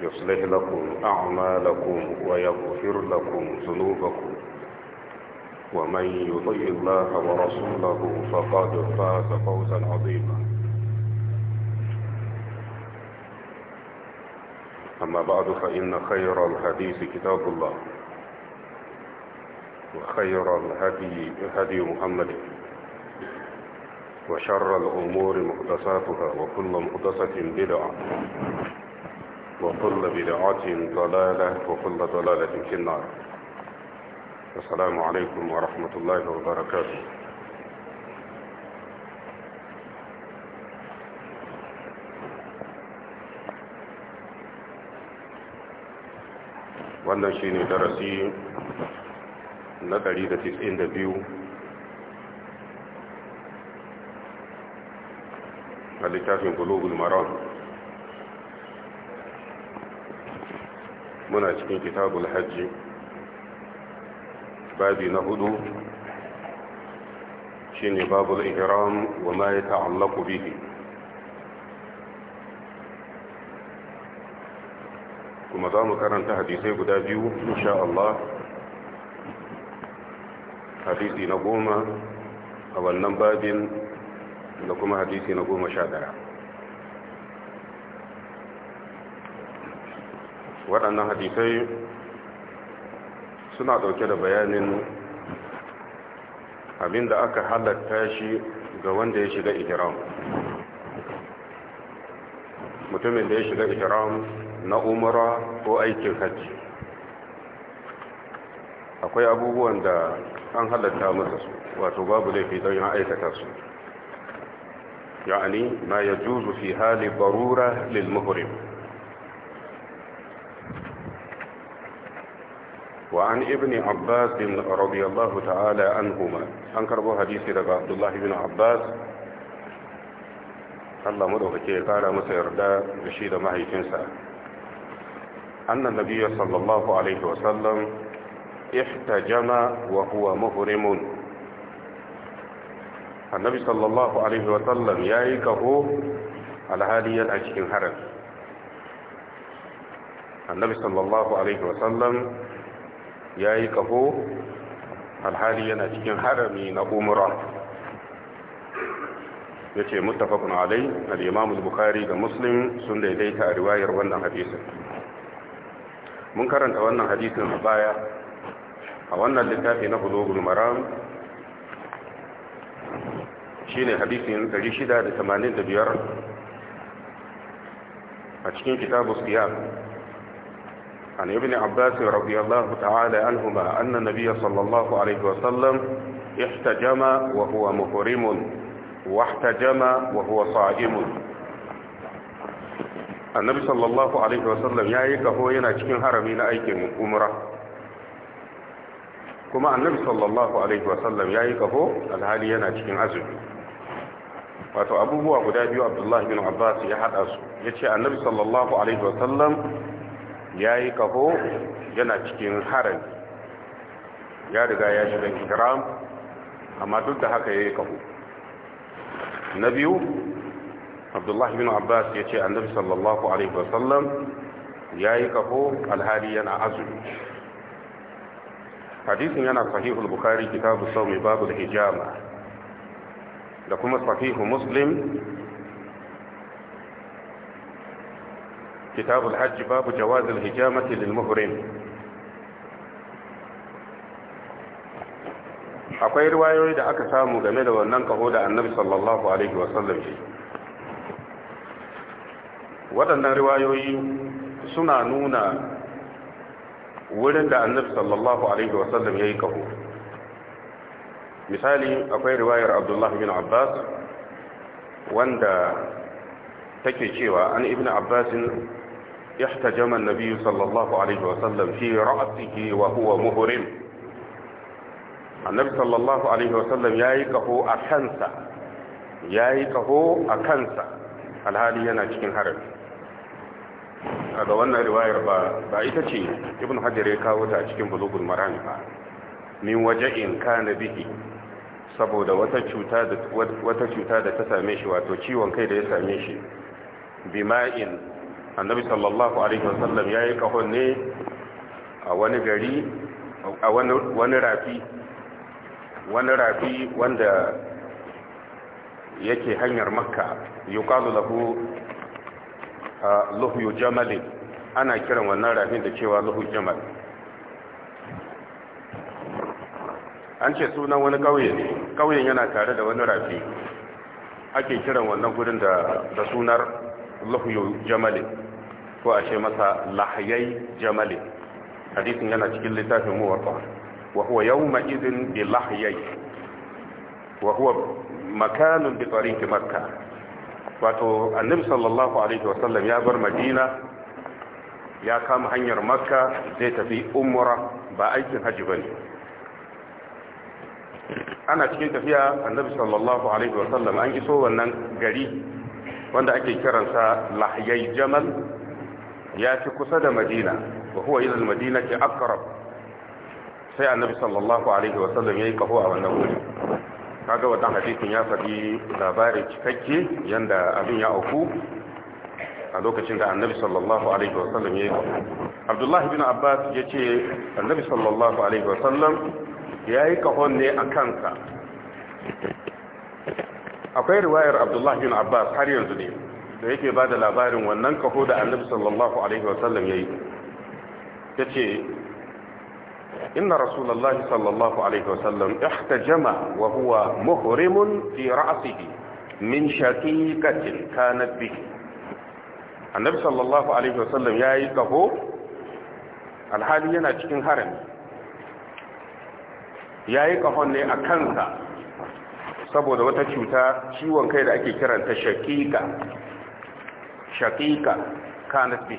يصلح لكم أعمالكم ويغفر لكم ذنوبكم ومن يطيع الله ورسوله فقد فاز فوزا عظيما أما بعد فإن خير الحديث كتاب الله وخير الهدي هدي محمد وشر الأمور محدثاتها وكل محدثة بدعة وكل بدعة ضلالة وكل ضلالة في النار السلام عليكم ورحمة الله وبركاته wannan shi ne darasi na 192 a littafin global maron muna cikin kitabul hajji babi na hudu shine babul ihram wa ma yata'allaqu bihi kuma za mu karanta hadisai guda biyu insha Allah hadisi na goma a wannan babin da kuma hadisi na goma sha daya waɗannan hadisai suna ɗauke da bayanin abinda aka halatta shi ga wanda ya shiga ihram mutumin da ya shiga ihram na umara ko aikin hajji akwai abubuwan da an halatta masa su wato babu laifi don ya aikata su ya'ani ma ya juzu fi hali barura lil muhrim وعن ابن عباس رضي الله تعالى عنهما أنكر حديث لك عبد الله بن عباس الله كي قال مسير دا بشيد معي تنسى أن النبي صلى الله عليه وسلم احتجم وهو مهرم النبي صلى الله عليه وسلم يايكه على هذه الأشكال هرم النبي صلى الله عليه وسلم ya yi ƙafo alhali yana cikin harami na umura. ya ce mutafakun alai al'imamu bukari da muslim sun daidaita a riwayar wannan hadisun mun karanta wannan hadisun a baya a wannan littafi na bulogun maram shi ne hadisun 685 a cikin kitabu siyar عن ابن عباس رضي الله تعالى عنهما أن النبي صلى الله عليه وسلم احتجم وهو محرم واحتجم وهو صائم annabi sallallahu alaihi wasallam ya yi kaho yana cikin harami na aikin umra kuma annabi sallallahu alaihi wasallam ya yi kaho alhali yana cikin azumi wato abubuwa guda biyu abdullahi bin abbas ya hada su ya ce annabi sallallahu alaihi wasallam ya yi kaho yana cikin harin, ya riga ya shiga ihram amma duk da haka ya yi kaho na biyu abdullahi bin abbas ya ce annabi sallallahu alaihi wasallam ya yi kaho alhali yana azumi hadisin yana sahihul bukari kitabu sau mai babu da hijama da kuma sahihu muslim kitabul hajji babu jawazil hijamati lil akwai riwayoyi da aka samu game da wannan kaho da annabi sallallahu alaihi wasallam shi waɗannan riwayoyi suna nuna wurin da annabi sallallahu alaihi wasallam ya yi kaho misali akwai riwayar abdullahi bin abbas wanda take cewa an ibn abbasin احتجم النبي صلى الله عليه وسلم في رأسه وهو مهرم النبي صلى الله عليه وسلم يايكه أكنسا يايكه أكنسا الهالي ينا cikin harami da wannan riwayar ba ita ce ibn Hajar ya kawo ta a cikin bulugul marami ba min in kana biki. saboda wata cuta da ta same shi wato ciwon kai da ya same shi bima'in annabi sallallahu alaihi wasallam ya yi kahon ne a wani gari a wani rafi wani rafi wanda yake hanyar makka yuqalu a luhyu jamal ana kiran wannan rafin da cewa luhu jamal an ce sunan wani kauye ne kauyen yana tare da wani rafi ake kiran wannan gudun da sunar luhyu jamal ko a ce masa lahayai jamali hadisin yana cikin littafin muwatta wa huwa yawma idin bi lahayai wa huwa makanun bi tariqi makka wato annabi sallallahu alaihi wasallam ya bar madina ya kama hanyar makka zai tafi umra ba aikin haji bane ana cikin tafiya annabi sallallahu alaihi wasallam an iso wannan gari wanda ake kiransa lahayai jamal ya fi kusa da madina wa huwa ilal madina ke akarab sai annabi sallallahu alaihi wasallam ya yi kaho a wannan wuri kaga wannan hadisin ya faɗi labarin cikakke yadda abin ya auku a lokacin da annabi sallallahu alaihi wasallam ya yi kaho abdullahi bin abbas ya ce annabi sallallahu alaihi wasallam ya yi kaho ne a kansa akwai riwayar abdullahi bin abbas har yanzu ne da yake ba da labarin wannan kaho da annabi sallallahu alaihi wasallam ya yi ta ce inna rasulallahi sallallahu alaihi wasallam ihtajama wa huwa muhrimun fi ra'sihi min shaqiqatin kanat bi annabi sallallahu alaihi wasallam ya yi kaho alhali yana cikin harami ya yi kahon ne a kansa saboda wata cuta ciwon kai da ake kiranta shakika shaqiqa kanat bi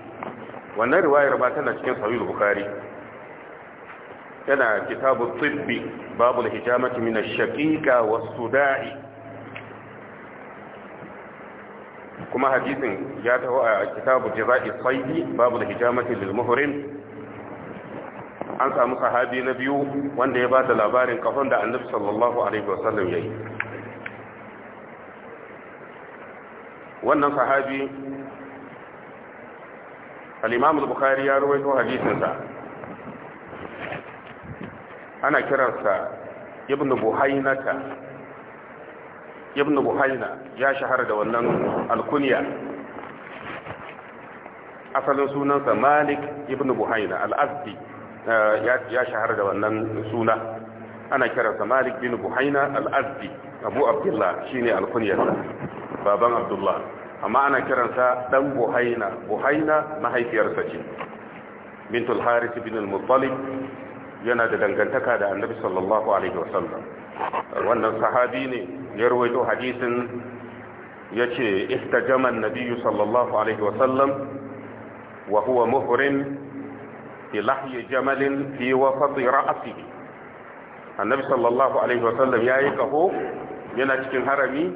wannan riwayar ba tana cikin sahih bukhari yana kitabu tibbi babu hijamati min ash-shaqiqa was-suda'i kuma hadisin ya taho a kitabu jazai saidi babu hijamati lil muhrim an samu sahabi na biyu wanda ya ba da labarin kafin da annabi sallallahu alaihi wasallam yayi wannan sahabi al-imam al-bukhari ya rawaito hadisinsa ana kiransa ibn buhainata ibnu buhayna ya shahara da wannan al al-kunya asalin sunansa malik ibnu buhaina al-azdi eh, ya shahara da wannan suna ana kiransa malik bin buhaina al-azdi abu abdullah shine alkunyarsa baban abdullah amma ana kiransa dan buhaina buhaina mahaifiyarsa ce bintul harith bin al-muttalib yana da dangantaka da annabi sallallahu alaihi wasallam wannan sahabi ne ya rawaito hadisin yace ihtajama an Nabiyyu sallallahu alaihi wasallam wa huwa muhrim bi lahyi jamalin fi wafati ra'sihi annabi sallallahu alaihi wasallam ya yi kaho yana cikin harami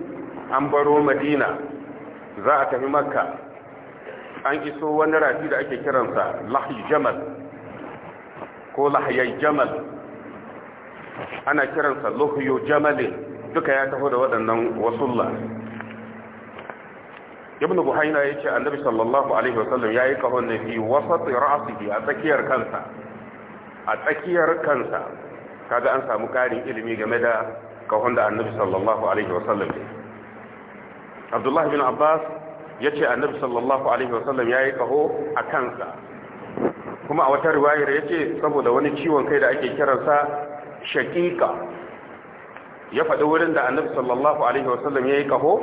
an baro madina za a tafi makka an iso wani rafi da ake kiransa lahi jamal ko lahiyai jamal ana kiransa lohiyo jamalin duka ya taho da waɗannan wasulla ibn buhaina ya ce annabi sallallahu alaihi wasallam ya yi kahon ne fi wasat ra'asihi a tsakiyar kansa a tsakiyar kansa kaga an samu ƙarin ilimi game da kahon da annabi sallallahu alaihi wasallam ne abdullahi bin abbas ya ce annabi sallallahu alaihi wasallam ya yi kaho a kansa kuma a wata riwayar ya ce saboda wani ciwon kai da ake kiransa Shakika, ya faɗi wurin da annabi sallallahu alaihi wasallam ya yi kaho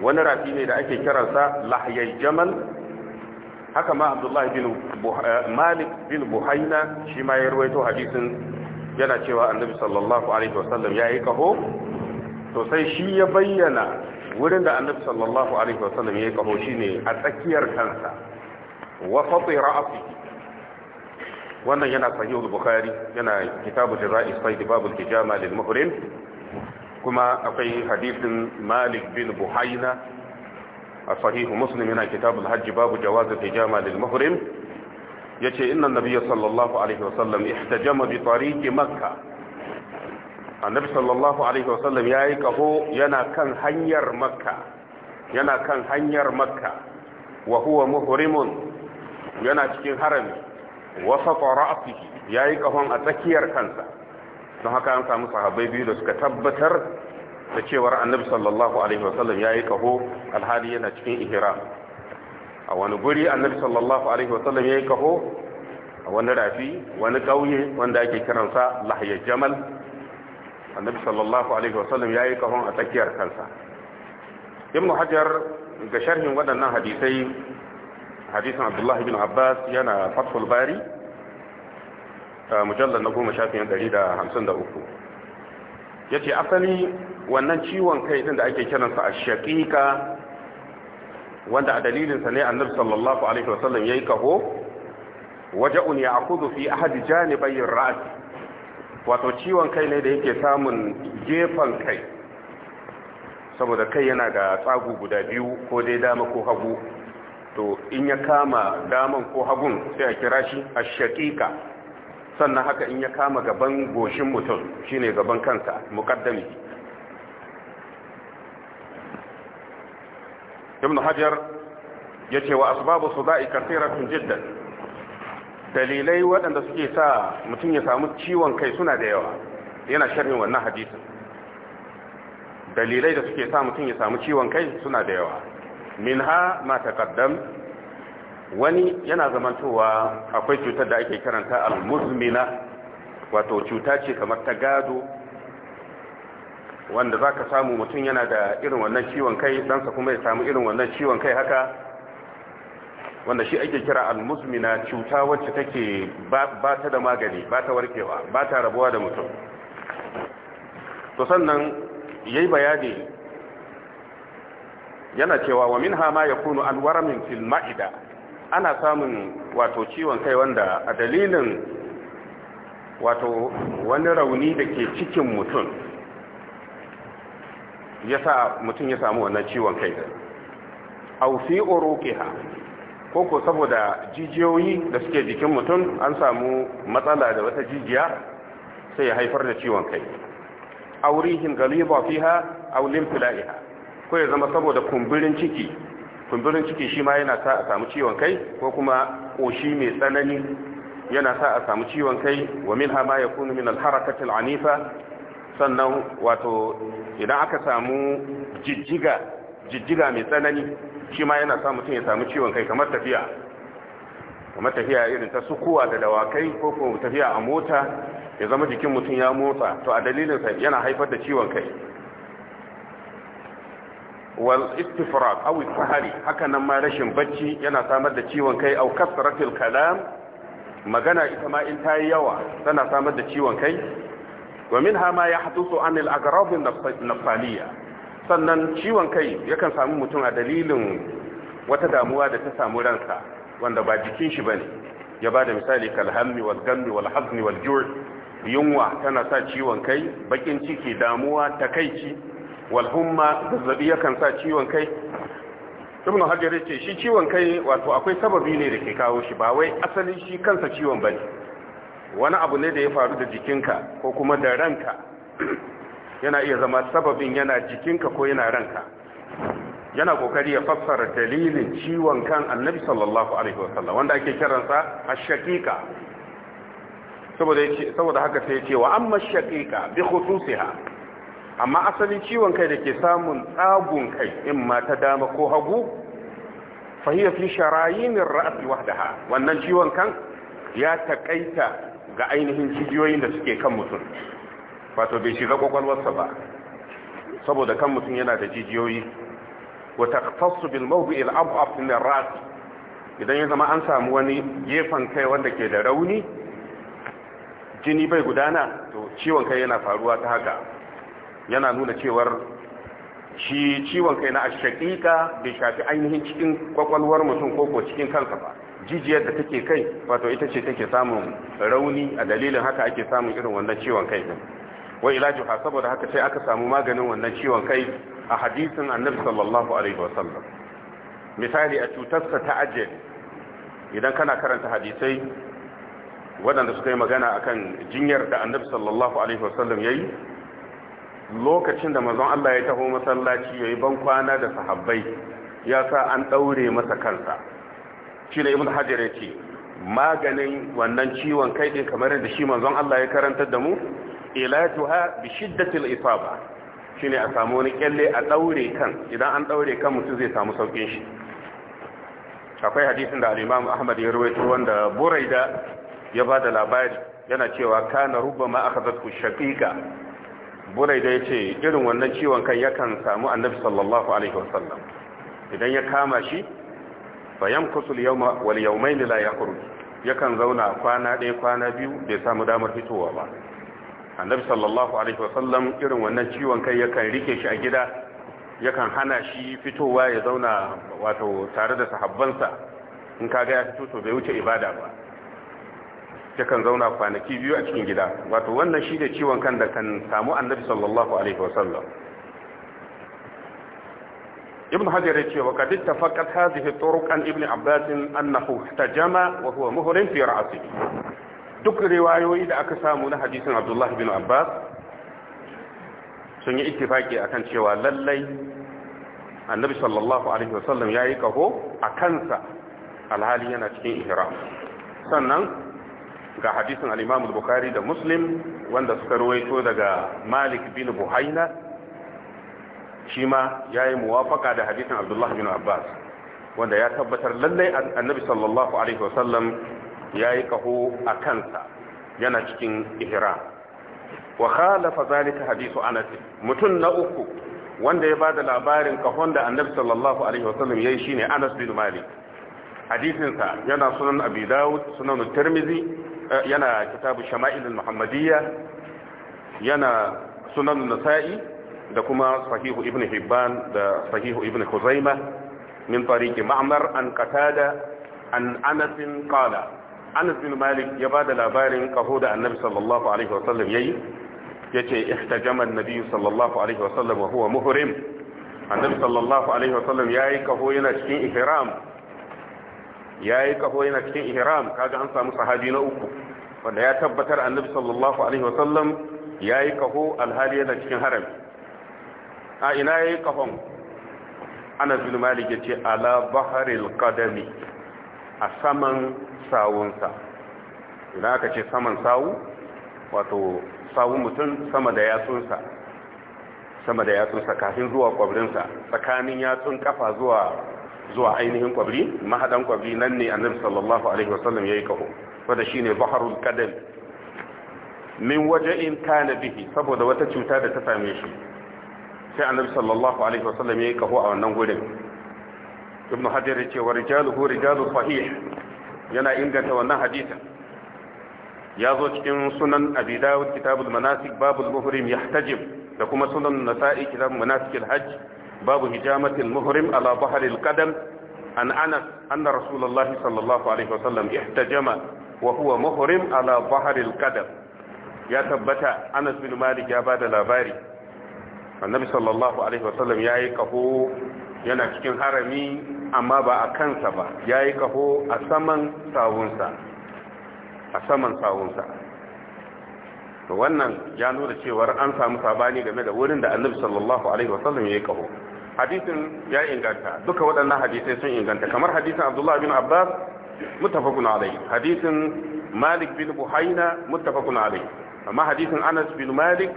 wani rafi ne da ake kiransa lahiyar jamal haka ma abdullahi bin eh, malik bin buhaina shi ma ya ruwaito hadisin yana cewa annabi sallallahu alaihi wasallam ya yi kaho to sai shi ya bayyana wurin da annabi sallallahu alaihi wasallam ya yi kaho shine a tsakiyar kansa wa fati ra'si wannan yana sahih bukhari yana kitabu jira'i sayd babul hijama lil muhrim kuma akwai hadisin malik bin buhaina a sahih muslim yana kitabul hajj babu jawaz al hijama lil muhrim yace inna Nabiya sallallahu alaihi wasallam ihtajama bi tariqi makka annabi sallallahu alaihi wasallam yi kaho yana kan hanyar makka yana kan hanyar makka wa huwa muhrimun yana cikin harami wasafa ra'sihi yi kahon a tsakiyar kansa don haka an samu sahabbai biyu da suka tabbatar da cewar annabi sallallahu alaihi wasallam yi kaho alhali yana cikin ihram a wani guri annabi sallallahu alaihi wasallam ya yi kaho a wani rafi wani ƙauye wanda ake kiransa lahiyar jamal annabi sallallahu alaihi wasallam ya yi kahon a tsakiyar kansa ibn hajar ga sharhin waɗannan hadisai hadisan abdullahi bin abbas yana fathul bari mujallar na goma shafin ɗari da hamsin da uku ya ce asali wannan ciwon kai ɗin da ake kiransa a shaƙiƙa wanda a dalilinsa ne annabi sallallahu alaihi wasallam yayi kaho waja'un ya'khudhu fi ahadi janibayi ra's wato ciwon kai ne da yake samun gefen kai saboda kai yana ga tsagu guda biyu ko dai dama ko hagu to in ya kama daman ko hagun sai a kira shi ash-shaqiqa sannan haka in ya kama gaban goshin mutum shine gaban kansa muqaddami ibn hajar ya ce wa asbabu su za'i kasiratun jiddan dalilai waɗanda suke sa mutum ya samu ciwon kai suna da yawa yana sharhin wannan hadisin dalilai da suke sa mutum ya samu ciwon kai suna da yawa min ha ma taqaddam wani yana zamantowa akwai cutar da ake karanta al-muzmina wato cuta ce kamar ta gado wanda za ka samu mutum yana da irin wannan ciwon kai ɗansa kuma ya samu irin wannan ciwon kai haka wanda shi ake kira al-musu almusmina cuta wacce take ba ta da magani ba ta warkewa ba ta rabuwa da mutum to sannan ya yi bayani yana cewa wa min hama ya kunu alwaramin fil ma'ida ana samun wato ciwon kai wanda a dalilin wato wani rauni da ke cikin mutum Ya sa mutum ya samu wannan ciwon kai au fi uruqiha ko ko saboda jijiyoyi da suke jikin mutum an samu matsala da wata jijiya sai ya haifar da ciwon kai aurihin galiba fiha aw limfilaiha ko ya zama saboda kumburin ciki kumburin ciki shi ma yana sa a samu ciwon kai ko kuma ƙoshi mai tsanani yana sa a samu ciwon kai wa minha ma yakunu min al-harakati al-anifa sannan wato idan aka samu jijjiga jijjiga mai tsanani shi ma yana sa mutum ya samu ciwon kai kamar tafiya kamar tafiya irin ta sukuwa da dawakai ko ko tafiya a mota ya zama jikin mutum ya motsa to a dalilin sa yana haifar da ciwon kai wal istifraq aw sahari haka nan ma rashin bacci yana samar da ciwon kai aw kasratil kalam magana ita ma in tayi yawa tana samar da ciwon kai wa minha ma yahdusu an al-agrab an sannan ciwon kai yakan samu mutum a dalilin wata damuwa da ta samu ransa wanda ba jikin shi bane ya bada misali kal hammi wal gammi wal hazni wal yunwa tana sa ciwon kai bakin ciki damuwa takaici wal humma zazzabi yakan sa ciwon kai ibn hajar yace shi ciwon kai wato akwai sababi ne da ke kawo shi ba wai asalin shi kansa ciwon bane wani abu ne da ya faru da jikinka ko kuma da ranka yana iya zama sababin yana jikinka ko yana ranka yana kokari ya fassara dalilin ciwon kan annabi sallallahu alaihi wasallam wanda ake kiransa ash-shaqiqa saboda saboda haka sai cewa wa amma ash-shaqiqa bi khususiha amma asalin ciwon kai da ke samun tsagun kai in ma ta dama ko hagu fahiya fi sharayin ra'si wahdaha wannan ciwon kan ya takaita ga ainihin jijiyoyin da suke kan mutum wato bai shiga kwakwalwarsa ba saboda kan mutum yana da jijiyoyi Wata taqtasu bil mawdi' al ab'af min ras idan ya zama an samu wani gefen kai wanda ke da rauni jini bai gudana to ciwon kai yana faruwa ta haka yana nuna cewar shi ciwon kai na ashaqiqa bai shafi ainihin cikin kwakwalwar mutum ko ko cikin kansa ba jijiyar da take kai wato ita ce take samun rauni a dalilin haka ake samun irin wannan ciwon kai din wa ilaju ha saboda haka sai aka samu maganin wannan ciwon kai a hadisin annabi sallallahu alaihi wasallam misali a cutarsa ta ajali idan kana karanta hadisai waɗanda suka yi magana akan jinyar da annabi sallallahu alaihi wasallam yayi lokacin da manzon Allah ya taho masallaci yayi ban kwana da sahabbai ya sa an daure masa kansa shi ne ibn hajar ya ce maganin wannan ciwon kai din kamar yadda shi manzon Allah ya karanta da mu ilajuha bi shiddatil isaba shine a samu wani kyalle a ɗaure kan idan an ɗaure kan mutum zai samu saukin shi akwai hadisin da al Ahmad ya rawaito wanda Buraida ya da labari yana cewa kana rubama akhadhathu shaqiqa Buraida ce irin wannan ciwon kan yakan samu Annabi sallallahu alaihi wasallam idan ya kama shi Bayan kusur yauma wal yaumain la yakhruj yakan zauna kwana ɗaya kwana biyu bai samu damar fitowa ba annabi sallallahu alaihi wasallam irin wannan ciwon kai yakan rike shi a gida yakan hana shi fitowa ya zauna wato tare da sahabbansa in kaga ya fito to bai wuce ibada ba yakan zauna kwanaki biyu a cikin gida wato wannan shi da ciwon kan da kan samu annabi sallallahu alaihi wasallam ibn hajar yace wa qad ittafaqat hadhihi turuq an ibn abbas annahu tajama wa huwa muhrim fi ra'si duk riwayoyi da aka samu na hadisin abdullah ibn abbas sun yi ittifaki akan cewa lallai annabi sallallahu alaihi wasallam yayi kaho a kansa alhali yana cikin ihram sannan ga hadisin al-imam bukhari da muslim wanda suka ruwaito daga malik bin buhaina shi ma ya yi muwafaka da hadisin abdullah bin abbas wanda ya tabbatar lallai annabi sallallahu alaihi wasallam ya yi kaho a kansa yana cikin ihira. wa khalafa zalika hadisu anas mutum na uku wanda ya bada labarin kahon da annabi sallallahu alaihi wasallam yayi shine anas bin malik hadisin sa yana sunan abi daud sunan tirmizi eh, yana kitabu shama'il al-muhammadiyya yana sunan nasa'i da kuma sahihu ibn hibban da sahihu ibn huzaima min tariki ma'mar an qatada an anas qala anas bin malik ya bada labarin kaho da annabi sallallahu alaihi wasallam yayi yace ihtajama annabi sallallahu alaihi wasallam wa huwa muhrim annabi sallallahu alaihi wasallam yayi kaho yana cikin ihram yayi kaho yana cikin ihram kaga an samu sahabi na uku wanda ya tabbatar annabi sallallahu alaihi wasallam yayi kaho alhali yana cikin harami a ina yayi kafan ana bin Malik yace ala baharil qadami a saman sawunsa idan aka ce saman sawu wato sawun mutum sama da yatsunsa sama da yatsunsa kafin zuwa kwabrinsa tsakanin yatsun kafa zuwa zuwa ainihin kwabri mahadan kwabri nan ne annabi sallallahu alaihi wasallam yayi kaho wanda shine baharul qadam min in kana bihi saboda wata cuta da ta same shi sai annabi sallallahu alaihi wasallam yayi kaho a wannan gurin ibn hajar yace wa rijaluhu rijalu sahih yana inganta wannan hadisin ya zo cikin sunan abi dawud kitabul manasik babul muhrim yahtajib da kuma sunan nasa'i kitabul manasik al babu hijamatil muhrim ala bahril qadam an anas anna rasulullah sallallahu alaihi wasallam ihtajama wa huwa muhrim ala bahril qadam ya tabbata anas bin malik ya bada labari annabi sallallahu alaihi wasallam ya yi kaho yana cikin harami amma ba a kansa ba ya yi kaho a saman sawunsa to wannan ya nuna cewar an samu sabani game da wurin da annabi sallallahu alaihi wasallam ya yi kaho hadisin ya inganta duka waɗannan hadisai sun inganta kamar hadisin abdullahi bin abbas muttafaqun alayhi hadisin malik bin buhaina muttafaqun alayhi amma hadisin anas bin malik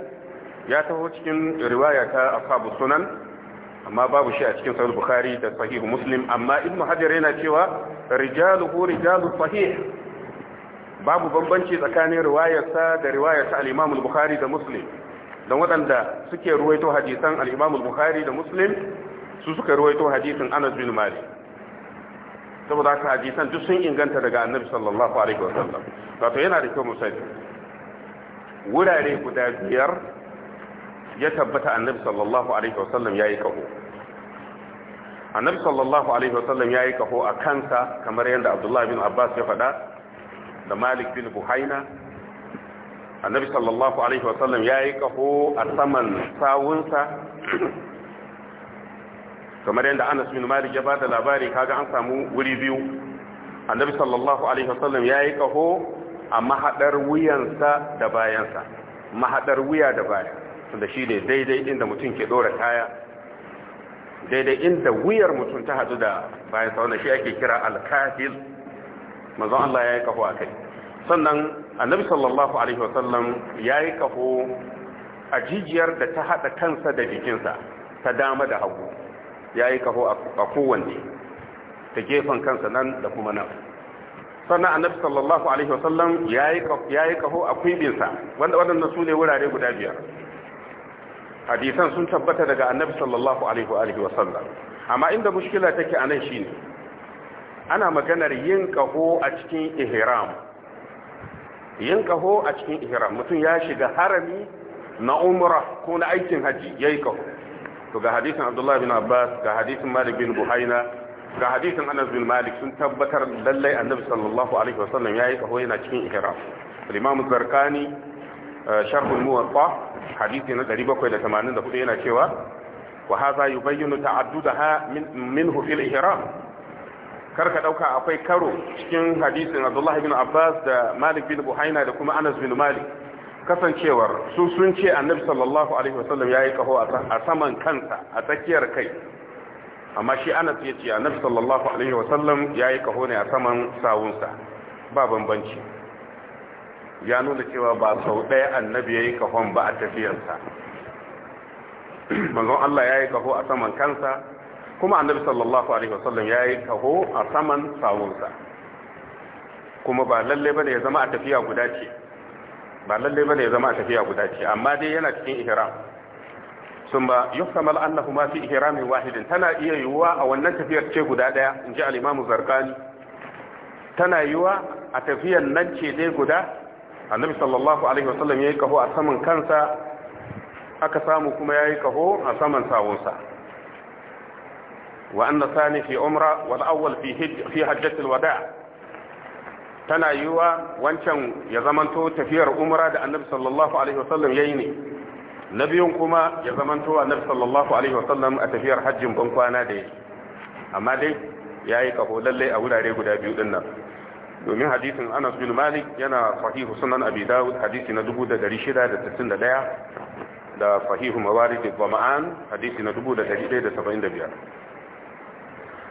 ya taho cikin riwaya ta ashabu sunan amma babu shi a cikin sahih bukhari da sahih muslim amma ibnu hajar yana cewa rijaluhu rijalu sahih babu bambanci tsakanin riwayarsa da riwayar ta al-imam al-bukhari da muslim don waɗanda suke ruwaito hadisan al-imam al-bukhari da muslim su suka ruwaito hadisin anas bin malik saboda haka hadisan duk sun inganta daga annabi sallallahu alaihi wasallam wato yana da kyau mu wurare guda biyar ya tabbata annabi sallallahu alaihi wasallam yayi kaho annabi sallallahu alaihi wasallam yayi kaho a kansa kamar yadda Abdullah bin Abbas ya faɗa da Malik bin Buhaina annabi sallallahu alaihi wasallam yayi kaho a saman sawunsa kamar yadda Anas bin Malik ya bada labari kaga an samu wuri biyu annabi sallallahu alaihi wasallam yayi kaho a mahadar wuyansa da bayansa mahadar wuya da bayansa. tunda shi ne daidai inda mutum ke dora kaya daidai inda wuyar mutum ta hadu da bayan sauna shi ake kira alkafil mazan Allah ya yi kafo a kai sannan annabi sallallahu alaihi wasallam ya yi kafo a jijiyar da ta hada kansa da jikinsa ta dama da hagu ya yi kafo a kowanne ta gefen kansa nan da kuma nan sannan annabi sallallahu alaihi wasallam ya yi kaho a kwibinsa wanda waɗannan su ne wurare guda biyar hadisan sun tabbata daga annabi sallallahu alaihi wa alihi wasallam amma inda mushkila take anan shine ana maganar yin kaho a cikin ihram yin kaho a cikin ihram mutum ya shiga harami na umrah ko na aikin haji yayi kaho to ga hadisin abdullahi bin abbas ga hadisin malik bin buhaina ga hadisin anas bin malik sun tabbatar lallai annabi sallallahu alaihi wasallam yayi kaho yana cikin ihram al-imam zarkani Sharhun muwatta hadisi na 784 yana cewa wa hadha yubayyinu ta'addudaha minhu fil ihram kar ka dauka akwai karo cikin hadisin Abdullah ibn Abbas da Malik bin Buhaina da kuma Anas bin Malik kasancewar su sun ce annabi sallallahu alaihi wasallam yi kaho a saman kansa a tsakiyar kai amma shi Anas ya ce annabi sallallahu alaihi wasallam yayi kaho ne a saman sawunsa ba bambanci ya nuna cewa ba sau ɗaya annabi ya yi kahon ba a tafiyarsa manzon Allah ya yi kaho a saman kansa kuma annabi sallallahu alaihi wasallam ya yi kaho a saman sawunsa kuma ba lalle bane ya zama a tafiya guda ce ba lalle bane ya zama a tafiya guda ce amma dai yana cikin ihram sun ba yuhtamal annahu ma fi ihramin wahidin tana iya yiwuwa a wannan tafiyar ce guda daya in ji al-imamu zarqani tana yiwuwa a tafiyar nan ce dai guda annabi sallallahu alaihi wasallam yi kaho a saman kansa aka samu kuma yayi kaho a saman sawunsa wa anna sani fi umra wal awwal fi fi wada tana yiwa wancan ya zamanto tafiyar umra da annabi sallallahu alaihi wasallam yi ne na biyun kuma ya zamanto annabi sallallahu alaihi wasallam a tafiyar hajjin ban kwana da yai. amma dai yayi kaho lallai a wurare guda biyu din nan domin hadisin anas bin malik yana sahihu sunan abi dawud hadisi na 661 da sahihu mawarid al-zama'an hadisi na 1175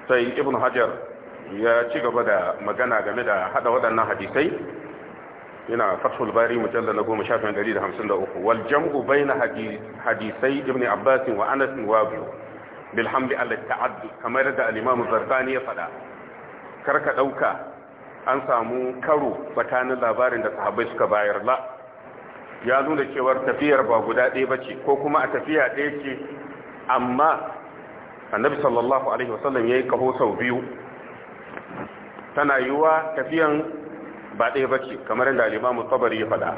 sai ibn hajar ya ci gaba da magana game da hada wadannan hadisai yana fathul bari mujalla na goma shafin dari da hamsin da uku wal jam'u bayna hadisai ibn abbas wa anas wa abu bil hamdi ala ta'addu kamar da al-imam zarqani ya faɗa karka dauka an samu karo batanin labarin da sahabbai suka bayar la ya nuna cewar tafiyar ba guda ɗaya ba ce, ko kuma a tafiya ɗaya ce amma annabi sallallahu alaihi wasallam yi kaho sau biyu tana yiwuwa tafiyan ba ɗaya ba ce kamar yadda al-Imam Tabari ya faɗa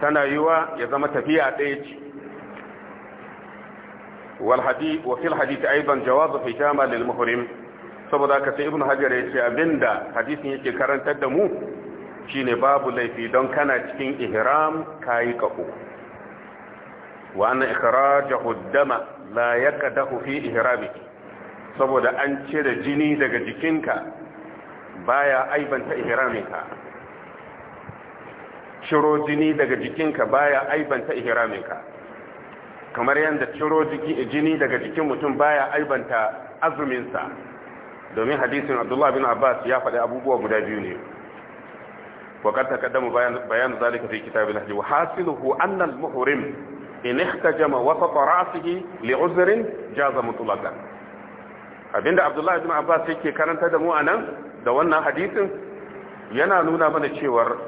tana yiwuwa ya zama tafiya ɗaya ce والحديث وفي الحديث أيضا جواز حجامة للمحرم saboda ka sai ibn hajar ya ce abinda hadisin yake karantar da mu shine babu laifi don kana cikin ihram kayi kako wa anna ikhrajahu dama la yakadahu fi ihramiki saboda an cire jini daga jikinka baya aibanta ihraminka ciro jini daga jikinka baya aibanta ihraminka kamar yanda ciro jini daga jikin mutum baya aibanta azuminsa domin hadisin abdullahi bin abbas ya faɗi abubuwa guda biyu ne وقد تقدم بيان ذلك في كتاب الهدي وحاصله أن المحرم إن احتجم وسط رأسه لعذر جاز مطلقا abinda Abdullahi bin Abbas yake karanta da mu anan da wannan hadisin yana nuna mana cewar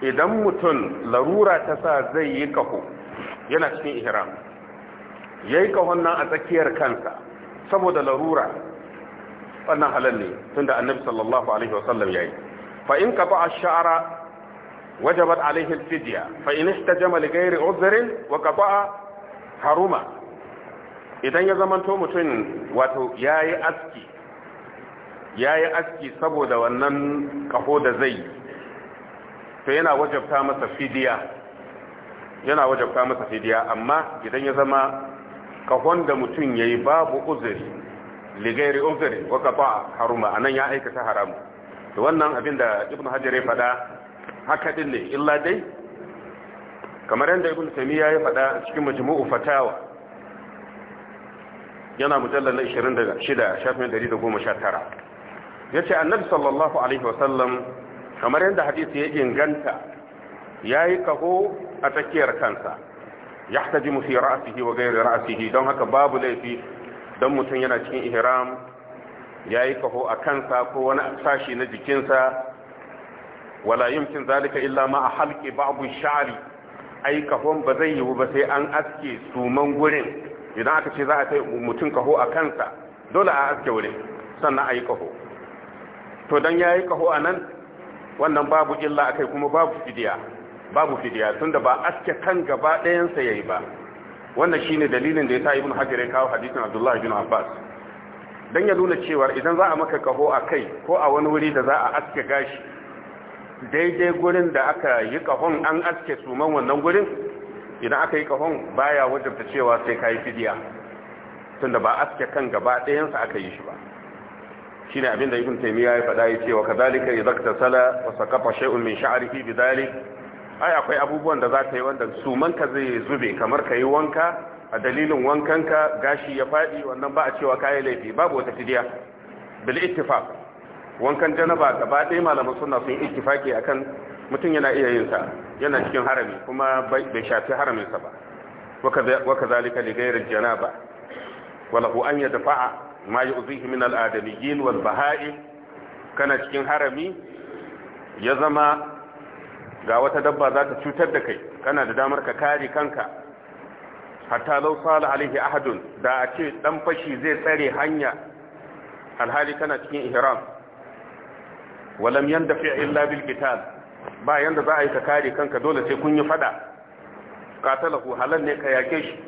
idan mutum larura ta sa zai yi kaho yana cikin ihram yayi kahon nan a tsakiyar kansa saboda larura wannan halal ne tunda annabi sallallahu alaihi wasallam yayi fa in qata ash-sha'ra wajabat alaihi al-fidya fa in istajama li ghairi udhrin wa qata haruma idan ya zamanto mutum wato yayi aski yayi aski saboda wannan kaho da zai to yana wajabta masa fidiya yana wajabta masa fidya amma idan ya zama kahon da mutum yayi babu uzuri ligairi uzuri wa qata haruma anan ya aikata haramu da wannan abin da ibnu hajar ya faɗa haka din ne illa dai kamar yadda Ibn taymiya ya yi faɗa cikin majmu'u fatawa yana mujallar mujallal 26 shafin 119 yace annabi sallallahu alaihi wasallam kamar yadda hadisi ya inganta ya yi kaho a tsakiyar kansa ji musu ra'sihi wa ghairi ra'sihi don haka babu laifi don mutum yana cikin ihram ya yi kaho a kansa ko wani sashi na jikinsa wala yumkin zalika illa ma a halki babu shari ai kahon ba zai yiwu ba sai an aske suman gurin idan aka ce za a kai mutum kaho a kansa dole a aske wurin sannan a yi kaho to don ya yi kaho a nan wannan babu illa a kai kuma babu fidiya babu fidiya tunda ba aske kan gaba ɗayansa ya yi ba wannan shine dalilin da ya sa ibn hajar ya kawo hadisin abdullahi bin abbas dan ya nuna cewa idan za a maka kaho a kai ko a wani wuri da za a aske gashi daidai gurin da aka yi kahon an aske suman wannan gurin idan aka yi kahon baya wajabta cewa sai ka yi fidiya tunda ba aske kan gaba ɗayansa aka yi shi ba shi ne abinda ibn taimiyar ya faɗa ya ce wa kazalika idza iktasala wa saqata shay'un min sha'rihi bidhalik ai akwai abubuwan da za ta yi wanda sumanka zai zube kamar ka yi wanka a dalilin wankanka gashi ya faɗi wannan ba a cewa kayi laifi babu wata fidiya bil ittifaq wankan janaba gaba ɗaya malaman sunna sun ittifaki akan mutum yana iya yin sa yana cikin harami kuma bai shafi haramin sa ba wa kazalika li ghayri janaba walahu an yadfa'a ma yu'zihi min al-adamiyyin wal baha'i kana cikin harami ya zama ga wata dabba za ta cutar da kai kana da damar ka kare kanka hatta lau sala alaihi ahadun da a ce dan fashi zai tsare hanya alhali kana cikin ihram walam yandafi illa bil qital ba yanda za a yi ka kare kanka dole sai kun yi fada qatalahu halal ne ka yake shi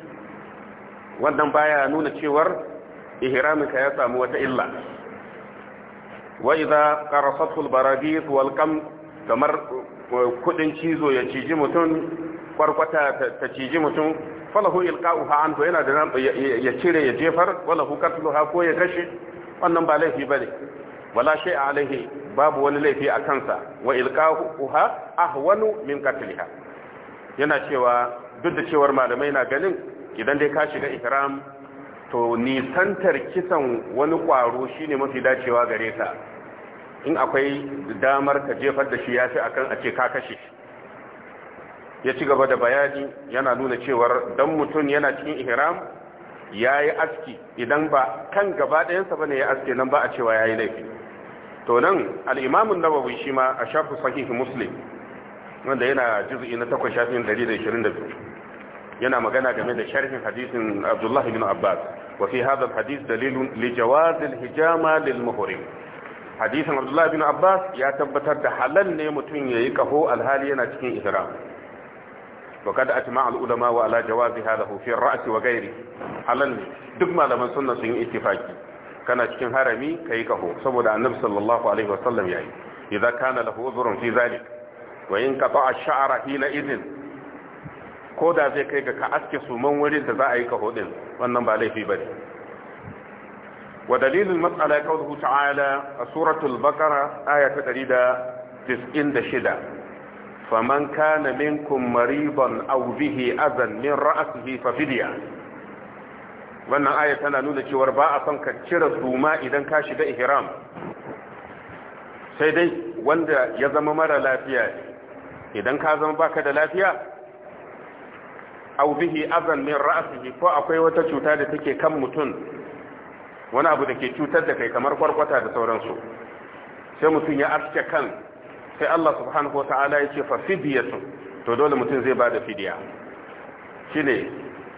wannan baya nuna cewar ihramin ya samu wata illa wa idza qarasathu al barabith wal kam kamar kudin cizo ya ciji mutum kwarkwata ta ciji mutum falahu an to yana da ya cire ya jefar walahu ha ko ya kashe wannan ba laifi bane wala shay alaihi babu wani laifi a kansa wa ha ahwanu min qatliha yana cewa duk da cewar malamai na ganin idan dai ka shiga ihram to nisantar kisan wani kwaro shine mafi dacewa gare ka in akwai damar ka jefar da shi ya fi akan a ce ka kashe ya ci gaba da bayani yana nuna cewar don mutum yana cikin ihram ya yi aski idan ba kan gaba ɗayansa ba ne ya aske nan ba a cewa ya yi laifi to nan al'imamun nawawi shi ma a shafi sahihi muslim wanda yana juzi na takwas shafin 122 yana magana game da sharhin hadisin abdullahi bin abbas wa fi hadha hadith dalilun li jawaz hijama lil muhrim hadisin abdullahi bin abbas ya tabbatar da halal ne mutum ya yi kaho alhali yana cikin ihram wa kada a cima al'ulama wa ala jawazi hada hufin ra'asi wa gairi halal ne duk malaman sunna sun yi ittifaki kana cikin harami ka yi kaho saboda annabi sallallahu alaihi wasallam ya yi idan kana lahu uzurun fi zalik wa in qata ash-sha'ra hina idin ko da zai kai ga ka aske suman wurin da za a yi kaho din wannan ba laifi bane ودليل المسألة قوله تعالى سورة البقرة آية تريد تسئن دشدة فمن كان منكم مريضا أو به أذى من رأسه ففدية wannan aya tana nuna cewar ba a son ka cire suma idan ka shiga ihram sai dai wanda ya zama mara lafiya idan ka zama baka da lafiya au bihi azan min ra'sihi ko akwai wata cuta da take kan mutum wani abu da ke cutar da kai kamar kwarkwata da sauransu sai mutum ya aske kan sai Allah subhanahu wata'ala ya ce fa fidiyatun to dole mutum zai bada fidiya shine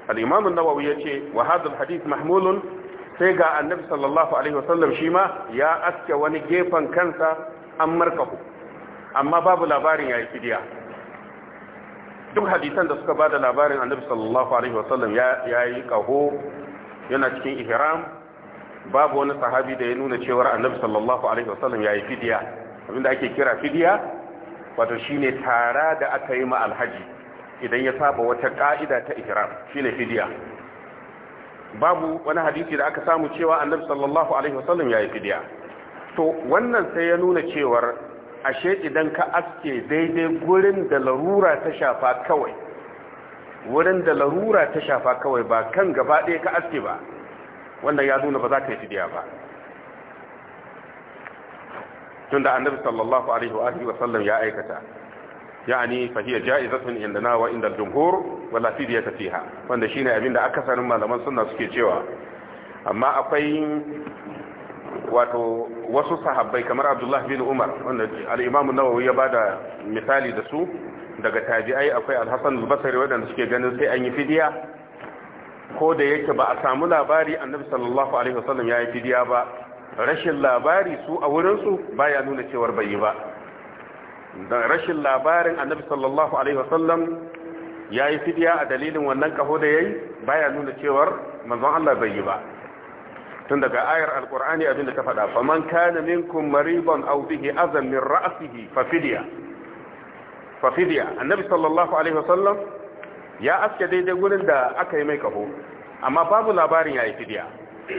al-Imam an-Nawawi yace wa hadha al-hadith mahmulun sai ga Annabi sallallahu alaihi wasallam shi ya aske wani gefen kansa an markahu amma babu labarin yayi fidiya duk hadisan da suka bada labarin Annabi sallallahu alaihi wasallam ya yayi kaho yana cikin ihram babu wani sahabi da ya nuna cewar annabi sallallahu alaihi wasallam yayi fidiya abinda ake kira fidiya wato shine tara da aka yi ma alhaji idan ya saba wata ka'ida ta ihram shine fidiya babu wani hadisi da aka samu cewa annabi sallallahu alaihi wasallam yayi fidiya to wannan sai ya nuna cewar ashe idan ka aske daidai gurin da larura ta shafa kawai wurin da larura ta shafa kawai ba kan gaba ɗaya ka aske ba Wanda ya nuna ba za ka yi fidiya ba tun da annabi sallallahu alaihi wa alihi wa sallam ya aikata yani fa hiya ja'izatun indana wa indal jumhur wala fidiyata fiha wanda shine abin da aka akasarin malaman sunna suke cewa amma akwai wato wasu sahabbai kamar abdullahi bin umar wanda al'imamun nawawi ya bada misali da su daga tabi'ai akwai alhassan basari waɗanda suke ganin sai an yi fidiya ko da yake ba a samu labari annabi sallallahu alaihi wasallam ya yi fidiya ba rashin labari su a wurinsu baya nuna cewar bai yi ba don rashin labarin annabi sallallahu alaihi wasallam ya yi fidiya a dalilin wannan kaho da ya yi baya nuna cewar manzon Allah bai yi ba tun daga ayar alkur'ani abin da ta faɗa fa faman kana minkum mariban aw bihi azan min ra'sihi fa fidiya fa fidiya annabi sallallahu alaihi wasallam ya aske daidai gurin da aka yi mai kaho amma babu labarin ya yi fidiya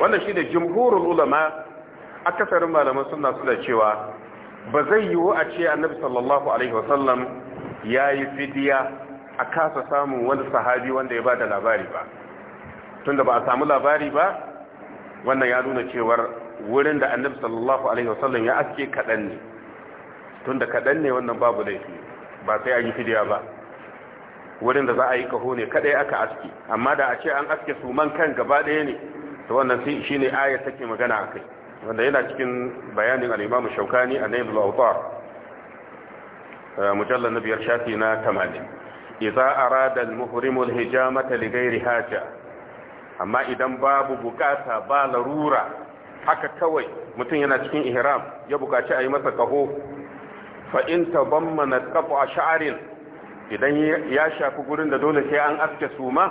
wannan shi da jimhurin ulama akasarin malaman suna suna cewa ba zai yiwu a ce annabi sallallahu alaihi wasallam ya yi fidiya a kasa samun wani sahabi wanda ya ba da labari ba tunda ba a samu labari ba wannan ya nuna cewar wurin da annabi sallallahu alaihi wasallam ya aske kaɗan ne tunda kaɗan ne wannan babu laifi ba sai an yi fidiya ba wurin da za a yi kaho ne kadai aka aske amma da a ce an aske suman kan gaba ɗaya ne to wannan sai shine aya take magana kai. wanda yana cikin bayanin al shaukani Shawkani a Nailul Awtar eh, mujallal na biyar shafi na 80 idza arada al-muhrim al-hijamata li haja amma idan babu bukata ba larura haka kawai mutum yana cikin ihram ya bukaci a yi masa kaho fa in tabammana a sha'rin idan ya shafi gurin da dole sai an aske su suma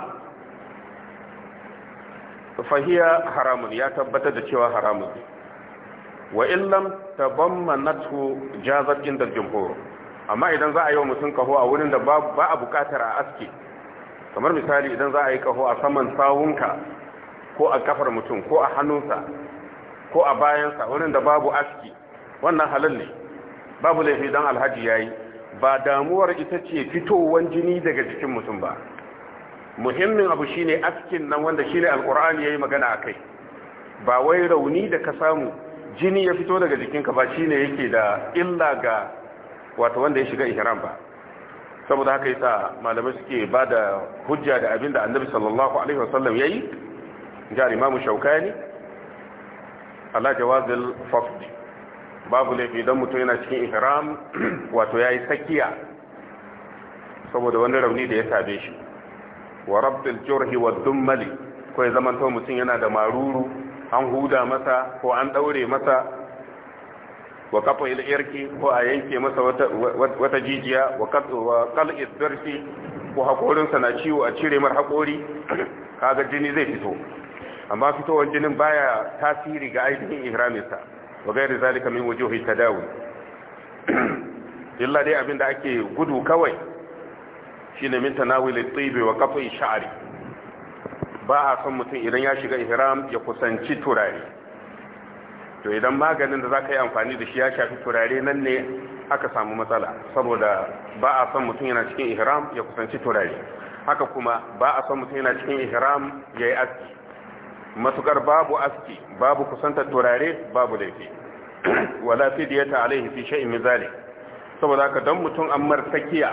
fahiya haramun ya tabbatar da cewa haramun wa illam tabammanatu jazat inda jumhur amma idan za a yi wa mutum kaho a wurin da ba a bukatar a aske kamar misali idan za a yi kaho a saman sawunka ko a kafar mutum ko a hannunsa ko a bayansa wurin da babu aski wannan halin ne babu laifi dan alhaji yayi ba damuwar ita ce fitowar jini daga jikin mutum ba muhimmin abu shine askin nan wanda shine alqur'ani yayi magana akai ba wai rauni da ka samu jini ya fito daga jikinka ba shine yake da illa ga wato wanda ya shiga ihram ba saboda haka yasa malamai suke bada hujja da abin da annabi sallallahu alaihi wasallam yayi ga imamu shaukani ala jawazil fasl babu laifi don mutum yana cikin ihram wato ya yi tsakiya saboda wani rauni da ya same shi wa Rabbil jurhi wa dummali ko ya zamanto mutum yana da maruru an huda masa ko an daure masa wa kafa ilirki ko a yanke masa wata jijiya wa kal'id birsi ko hakorinsa na ciwo a cire mar hakori kaga jini zai fito amma fitowar jinin baya tasiri ga ainihin ihraminsa wa gairi zalika min wujuhi tadawi illa dai abinda ake gudu kawai shine min tanawil at-tib wa qat'i sha'ri ba a san mutum idan ya shiga ihram ya kusanci turare to idan maganin da zaka yi amfani da shi ya shafi turare nan ne aka samu matsala saboda ba a san mutum yana cikin ihram ya kusanci turare haka kuma ba a san mutum yana cikin ihram ya yi aski matukar babu aski babu kusantar turare babu laifi wala diyata alaihi fi shay'in min zalik saboda haka dan mutum an martakiya.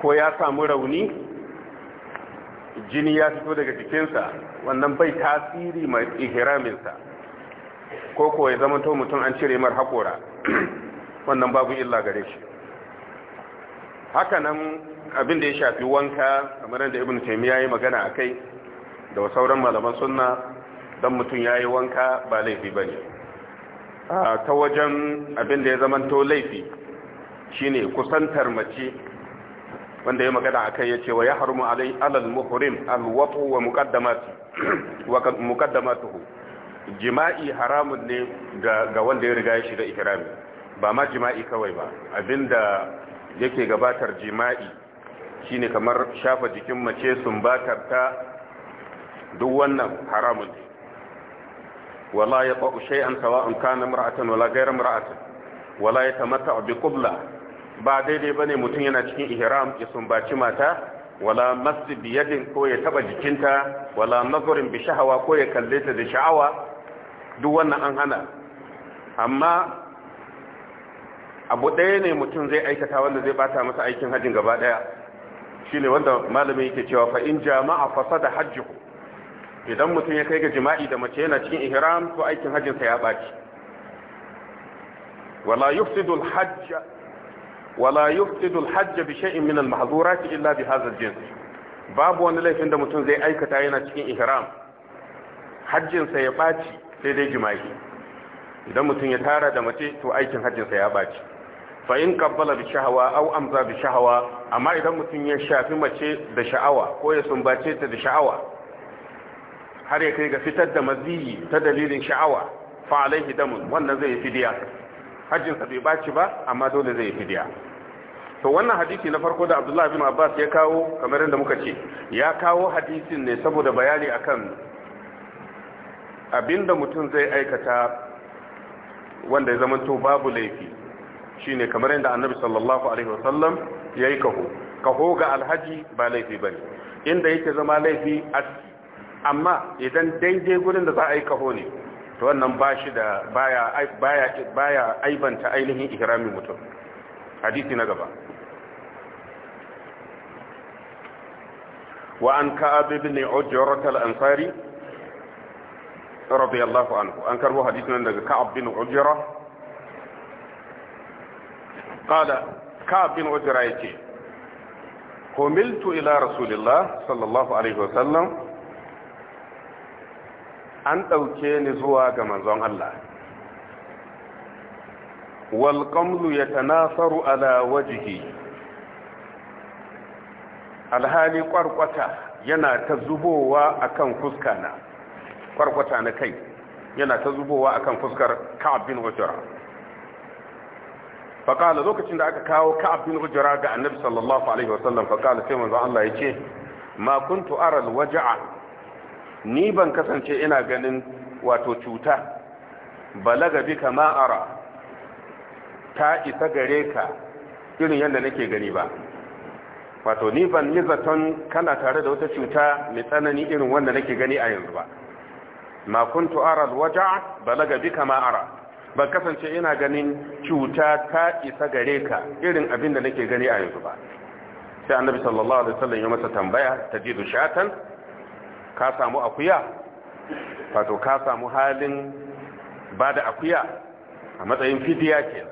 ko ya samu rauni jini ya fito daga jikinsa wannan bai tasiri mai sa ko ko ya zama to mutum an cire mar hakora wannan babu illa gare shi haka nan abin da ya shafi wanka kamar da ibnu taymiya yayi magana akai da sauran malaman sunna don mutum ya yi wanka ba laifi ba ne ta wajen abin da ya zamanto laifi shine kusantar mace wanda ya magana a kai ya ce wa ya harmu alal muhrim alwatu wa muqaddamatuhu jima'i haramun ne ga wanda ya riga ya shiga ihrami ba ma jima'i kawai ba abinda yake gabatar jima'i shine kamar shafa jikin mace sumbatar ta duk wannan haramun ne wala ya ba'u shay'an sawa'un kana mar'atan wala ghayra mar'atan wala yatamatta'u bi qubla ba daidai bane mutum yana cikin ihram ya sumbaci mata wala masjid bi ko ya taba jikinta wala nazarin bi shahawa ko ya kalle ta da sha'awa duk wannan an hana amma abu ɗaya ne mutum zai aikata wanda zai bata masa aikin hajji gaba ɗaya shine wanda malami yake cewa fa in jama'a fasada hajjuhu idan mutum ya kai ga jima'i da mace yana cikin ihram to aikin hajjin sa ya baci wala yufsidul hajj wala yufsidul hajj bi shay'in min al mahzurat illa bi hadha al jins babu wani laifin da mutum zai aikata yana cikin ihram hajjin sa ya baci sai dai jima'i idan mutum ya tara da mace to aikin hajjin sa ya baci fa in qabbala bi shahawa aw amza bi shahawa amma idan mutum ya shafi mace da sha'awa ko ya sumbace ta da sha'awa har ya kai ga fitar da maziyi ta dalilin sha'awa fa alaihi damun wannan zai fidiya hajjin sa bai baci ba amma dole zai fidiya to wannan hadisi na farko da Abdullah bin Abbas ya kawo kamar yadda muka ce ya kawo hadisin ne saboda bayani akan abinda mutum zai aikata wanda ya zama to babu laifi shine kamar yadda Annabi sallallahu alaihi wasallam yayi kaho kaho ga alhaji ba laifi bane inda yake zama laifi aski amma idan daidai gurin da za a yi kaho ne to wannan ba shi da baya aibanta ainihin ihramin mutum hadisi na gaba wa an ka'ab bin ujrat al-ansari radiyallahu anhu an karbo hadisin daga ka'ab bin ujra qala ka'ab bin ujra yace humiltu ila rasulillah sallallahu alaihi wasallam an ɗauke ni zuwa ga manzon Allah wal faru a ala wajihi, alhali ƙwarƙwata yana ta zubowa kan fuska na ƙwarƙwata na kai yana ta zubowa a kan fuskar ka'abin bin Faƙala lokacin da aka kawo ka'abin bin ga Annabi sallallahu alaihi wasallam faƙala sai manzon Allah ya ce ma kuntu aral alwaj'a ni ban kasance ina ganin wato cuta balaga bika ma'ara ta isa gare ka irin yadda nake gani ba wato ni ban yi zaton kana tare da wata cuta mai tsanani irin wanda nake gani a yanzu ba ma kuntu ara balaga bika ma'ara ban kasance ina ganin cuta ta isa gare ka irin abin da nake gani a yanzu ba sai annabi sallallahu alaihi wasallam ya masa tambaya tajidu shatan ka samu akuya wato ka samu halin ba da akuya a matsayin fidiya ke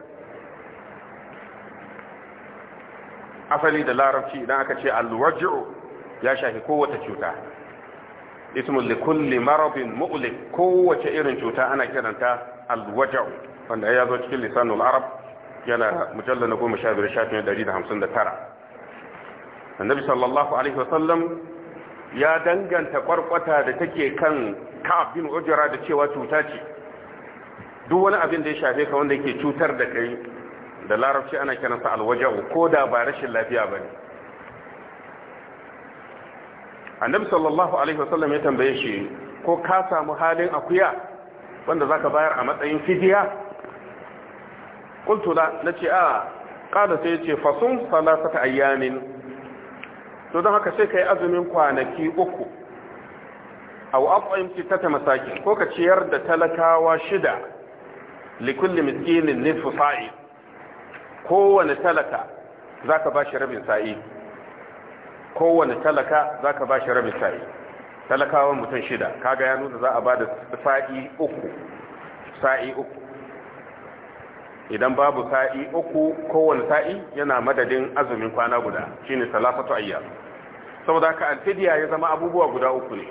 asali da larabci idan aka ce alwaji'u ya shafi kowace cuta ismun likulli marabin mu'ulik kowace irin cuta ana kiranta alwaja'u wanda ya zo cikin lisanul arab yana mujallar na goma sha biyar shafin ɗari da hamsin da tara annabi sallallahu alaihi wasallam ya danganta kwarkwata da take kan kafin bin da cewa cuta ce duk wani abin da ya shafe ka wanda yake cutar da kai da larabci ana kiransa alwaja'u ko da ba rashin lafiya ba bane annabi sallallahu alaihi wasallam ya tambaye shi ko ka samu halin akuya wanda zaka bayar a matsayin fidiya qultu la nace a qala sai yace fasum salasata ayamin to don haka sai ka yi azumin kwanaki uku au ta sittata masaki ko ka ciyar da talakawa shida likulli miskinin nisfu sa'i kowane talaka za ka ba shi rabin sa'i kowane talaka za ka ba shi rabin sa'i talakawan mutum shida kaga ya nuna za a ba da sa'i uku sa'i uku idan babu sa'i uku kowane sa'i yana madadin azumin kwana guda shine salafatu ayyam saboda haka alfidiya ya zama abubuwa guda uku ne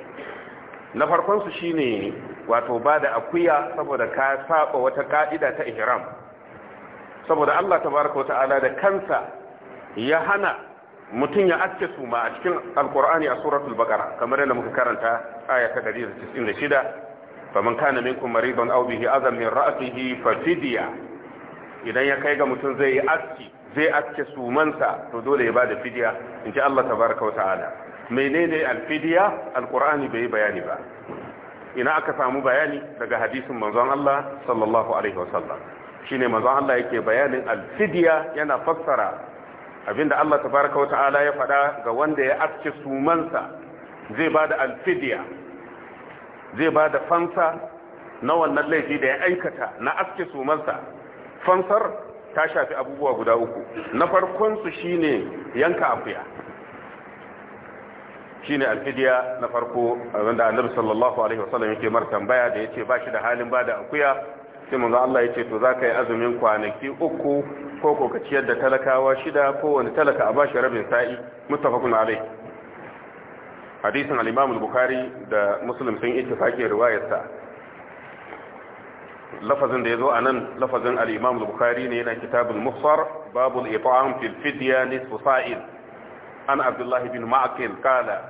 na farkon su shine wato ba da akuya saboda ka saba wata ka'ida ta ihram saboda Allah tabaraka wa ta'ala da kansa ya hana mutum ya aske su ma a cikin alkur'ani a suratul baqara kamar yadda muka karanta aya ta 196 faman kana minkum maridan aw bihi adam min ra'sihi fa fidya idan ya kai ga mutum zai yi aski zai aske sumansa to dole ya bada fidiya in ji Allah tabaraka wa ta'ala menene alfidiya alqur'ani bai bayani ba ina aka samu bayani daga hadisin manzon Allah sallallahu alaihi wasallam shine manzon Allah yake bayanin alfidiya yana fassara abinda Allah tabaraka wa ta'ala ya faɗa ga wanda ya aske sumansa zai da alfidiya zai ba da fansa na wannan laifi da ya aikata na aske sumansa fansar ta shafi abubuwa guda uku na farkon su shine yanka akuya shine alfidiya na farko wanda annabi sallallahu alaihi wasallam yake mar tambaya da yace ba shi da halin ba da akuya sai manzo Allah yace to zaka yi azumin kwanaki uku ko kokaciyar da talakawa shida ko wani talaka a bashi rabin sa'i muttafaqun alaihi hadisin al-imam al-bukhari da muslim sun ittifaqi riwayarsa lafazin da ya zo a nan lafazin al'imam bukhari ne yana kitabul muhsar babul ita'am fil fidya nisfu sa'il an abdullahi bin ma'akil kala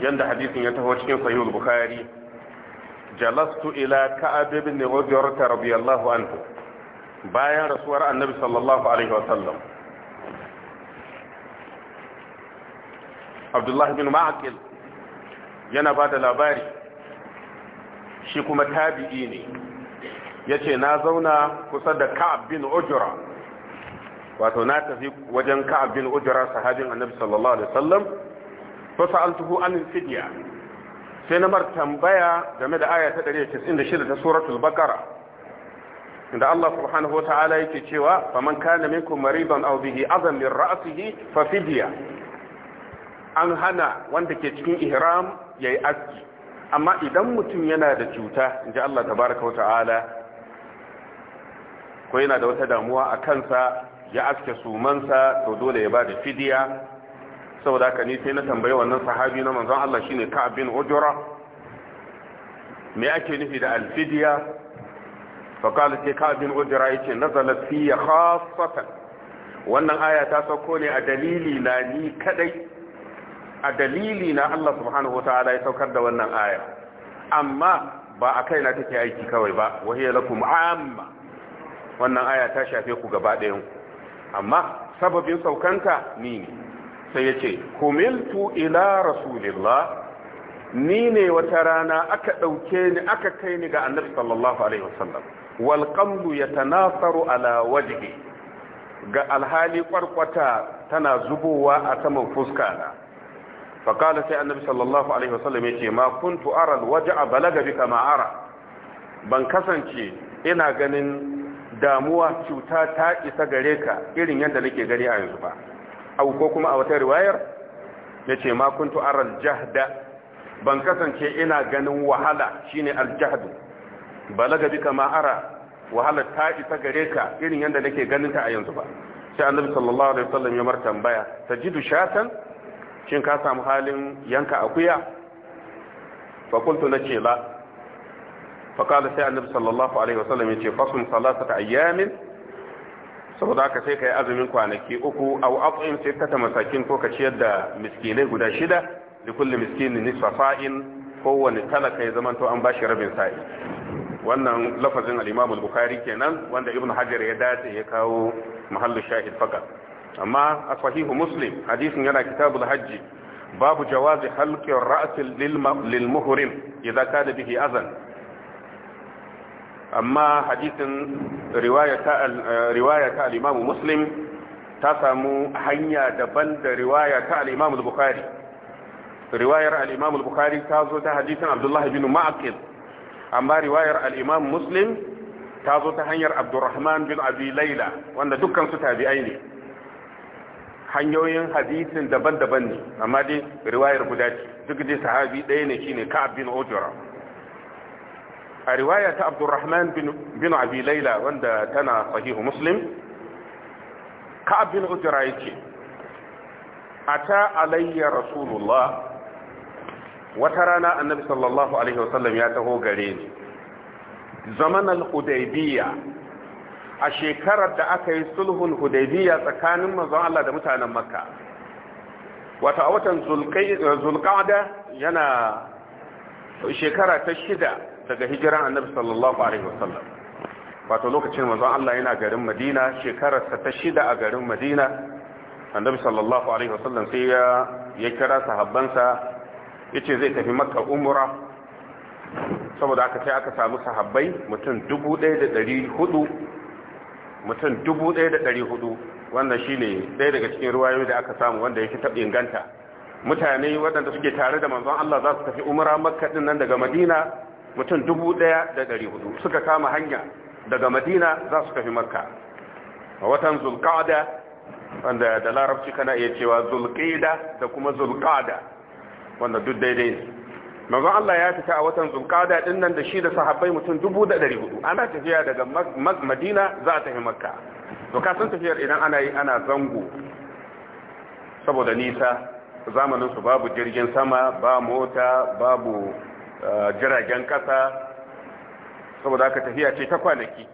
yanda hadisin ya taho cikin sahihul bukhari jalastu ila ka'ab ibn ujrata radiyallahu anhu bayan rasuwar annabi sallallahu alaihi wasallam abdullahi bin ma'akil yana ba da labari shi kuma tabi'i ne Ya ce na zauna kusa da Ka'ab bin Ujra wato na tafi wajen Ka'ab bin Ujra sahabin Annabi sallallahu alaihi wasallam fa sa'altuhu an fidya sai na mar tambaya game da aya ta 196 ta suratul baqara inda Allah subhanahu wataala yake cewa faman kana minkum mariban aw bihi adam min ra'sihi fa fidya an hana wanda ke cikin ihram yayi aski amma idan mutum yana da cuta inji Allah tabaaraka wataala ko yana da wata damuwa a kansa ya aske sumansa to dole ya bada fidiya saboda haka ni sai na tambayi wannan sahabi na manzon Allah shine Ka'ab bin Ujra me ake nufi da alfidiya fa kala sai Ka'ab bin Ujra yace nazalat fi khassatan wannan aya ta sauko ne a dalili na ni kadai a dalili na Allah subhanahu wataala ya saukar da wannan aya amma ba a kaina take aiki kawai ba wahiya lakum amma wannan aya ta shafe ku gaba ɗayan ku amma sababin saukanta ni ne sai ya ce kumiltu ila rasulillah ni ne wata rana aka ɗauke ni aka kai ni ga annabi sallallahu alaihi wasallam wal qamlu yatanasaru ala wajhi ga alhali kwarkwata tana zubowa a saman fuska na fa qala sai annabi sallallahu alaihi wasallam yace ma kuntu ara al waj'a balaga bika ma ara ban kasance ina ganin damuwa cuta ta isa gare ka irin yadda nake gani a yanzu ba abu ko kuma a wata riwayar yace ma kuntu aral jahda ban kasance ina ganin wahala shine aljahdu balaga bika ma ara wahala ta isa gare ka irin yadda nake ganin ta a yanzu ba sai annabi sallallahu alaihi wasallam ya mar tambaya tajidu shatan shin ka samu halin yanka akuya fa kuntu nace la faƙala sai annabi sallallahu alaihi wasallam ya ce fasun salasata ayyamin saboda haka sai ka yi azumin kwanaki uku au at'im sittata masakin ko ka ciyar da miskinai guda shida da kulle miskinin nisfa sa'in kowane talaka ya to an bashi rabin sa'i wannan lafazin al-Imam bukhari kenan wanda Ibn Hajar ya dace ya kawo mahallu shahid faka amma a Muslim hadisin yana kitabul hajji babu jawazi halkin ra'asin lil muhrim idza kana bihi azan amma hadisin riwaya ta eh, al'imamu muslim ta samu hanya daban da riwaya ta al'imamu bukari riwayar al'imamu bukari ta zo ta hadisin abdullahi bin ma'akil amma riwayar al'imamu muslim ta zo ta hanyar abdurrahman bin abi laila wanda dukkan su tabi'ai ne hanyoyin hadisin daban-daban ne amma dai riwayar guda ce duk dai sahabi ɗaya ne shine ka'ab bin ujra a riwaya ta abdurrahman bin abi laila wanda tana sahihu muslim ka'ab bin utira yake ata alayya rasulullah wata rana annabi sallallahu alaihi wasallam ya taho gare ni zaman al-hudaybiyya a shekarar da aka yi sulhun hudaybiyya tsakanin manzon Allah da mutanen makka wata a watan zulqa'da yana shekara ta shida daga hijira. annabi sallallahu alaihi wasallam wato lokacin manzon Allah yana garin Madina shekararsa ta shida a garin Madina annabi sallallahu alaihi wasallam sai ya ya kira sahabbansa yace zai tafi Makka umra saboda aka sai aka samu sahabbai mutum 1400 mutum 1400 wannan shine ɗaya daga cikin ruwayoyi da aka samu wanda yake taɓa inganta mutane waɗanda suke tare da manzon Allah za su tafi umra Makka din nan daga Madina mutum dubu ɗaya da ɗari hudu suka kama hanya daga madina za su tafi makka a watan zulƙada wanda da larabci kana iya cewa zulƙida da kuma zulƙada wanda duk daidai ne mazan allah ya fita a watan zulƙada ɗin nan da shi da sahabbai mutum dubu da ɗari hudu ana tafiya daga madina za a tafi makka to ka san tafiyar idan ana yi ana zango saboda nisa zamaninsu babu jirgin sama ba mota babu jiragen kasa saboda aka tafiya ce ta kwanaki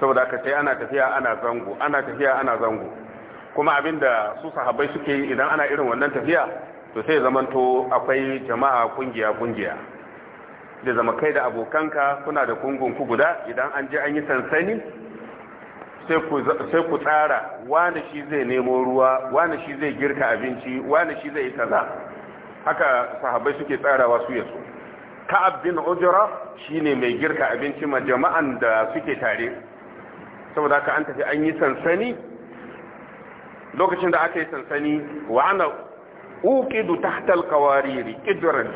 saboda aka sai ana tafiya ana zango ana tafiya ana zango kuma abinda su sahabbai suke yi idan ana irin wannan tafiya to sai zamanto akwai jama'a kungiya kungiya da zama kai da abokanka kuna da ku guda idan an je an yi sansani sai ku tsara wani shi zai nemo ruwa wani shi zai girka abinci wani shi zai yi kaza haka sahabbai suke tsarawa su yaso ka'ab bin ujra shine mai girka abinci ma jama'an da suke tare saboda ka an tafi an yi sansani lokacin da aka yi sansani wa ana uqidu tahta alqawariri qidran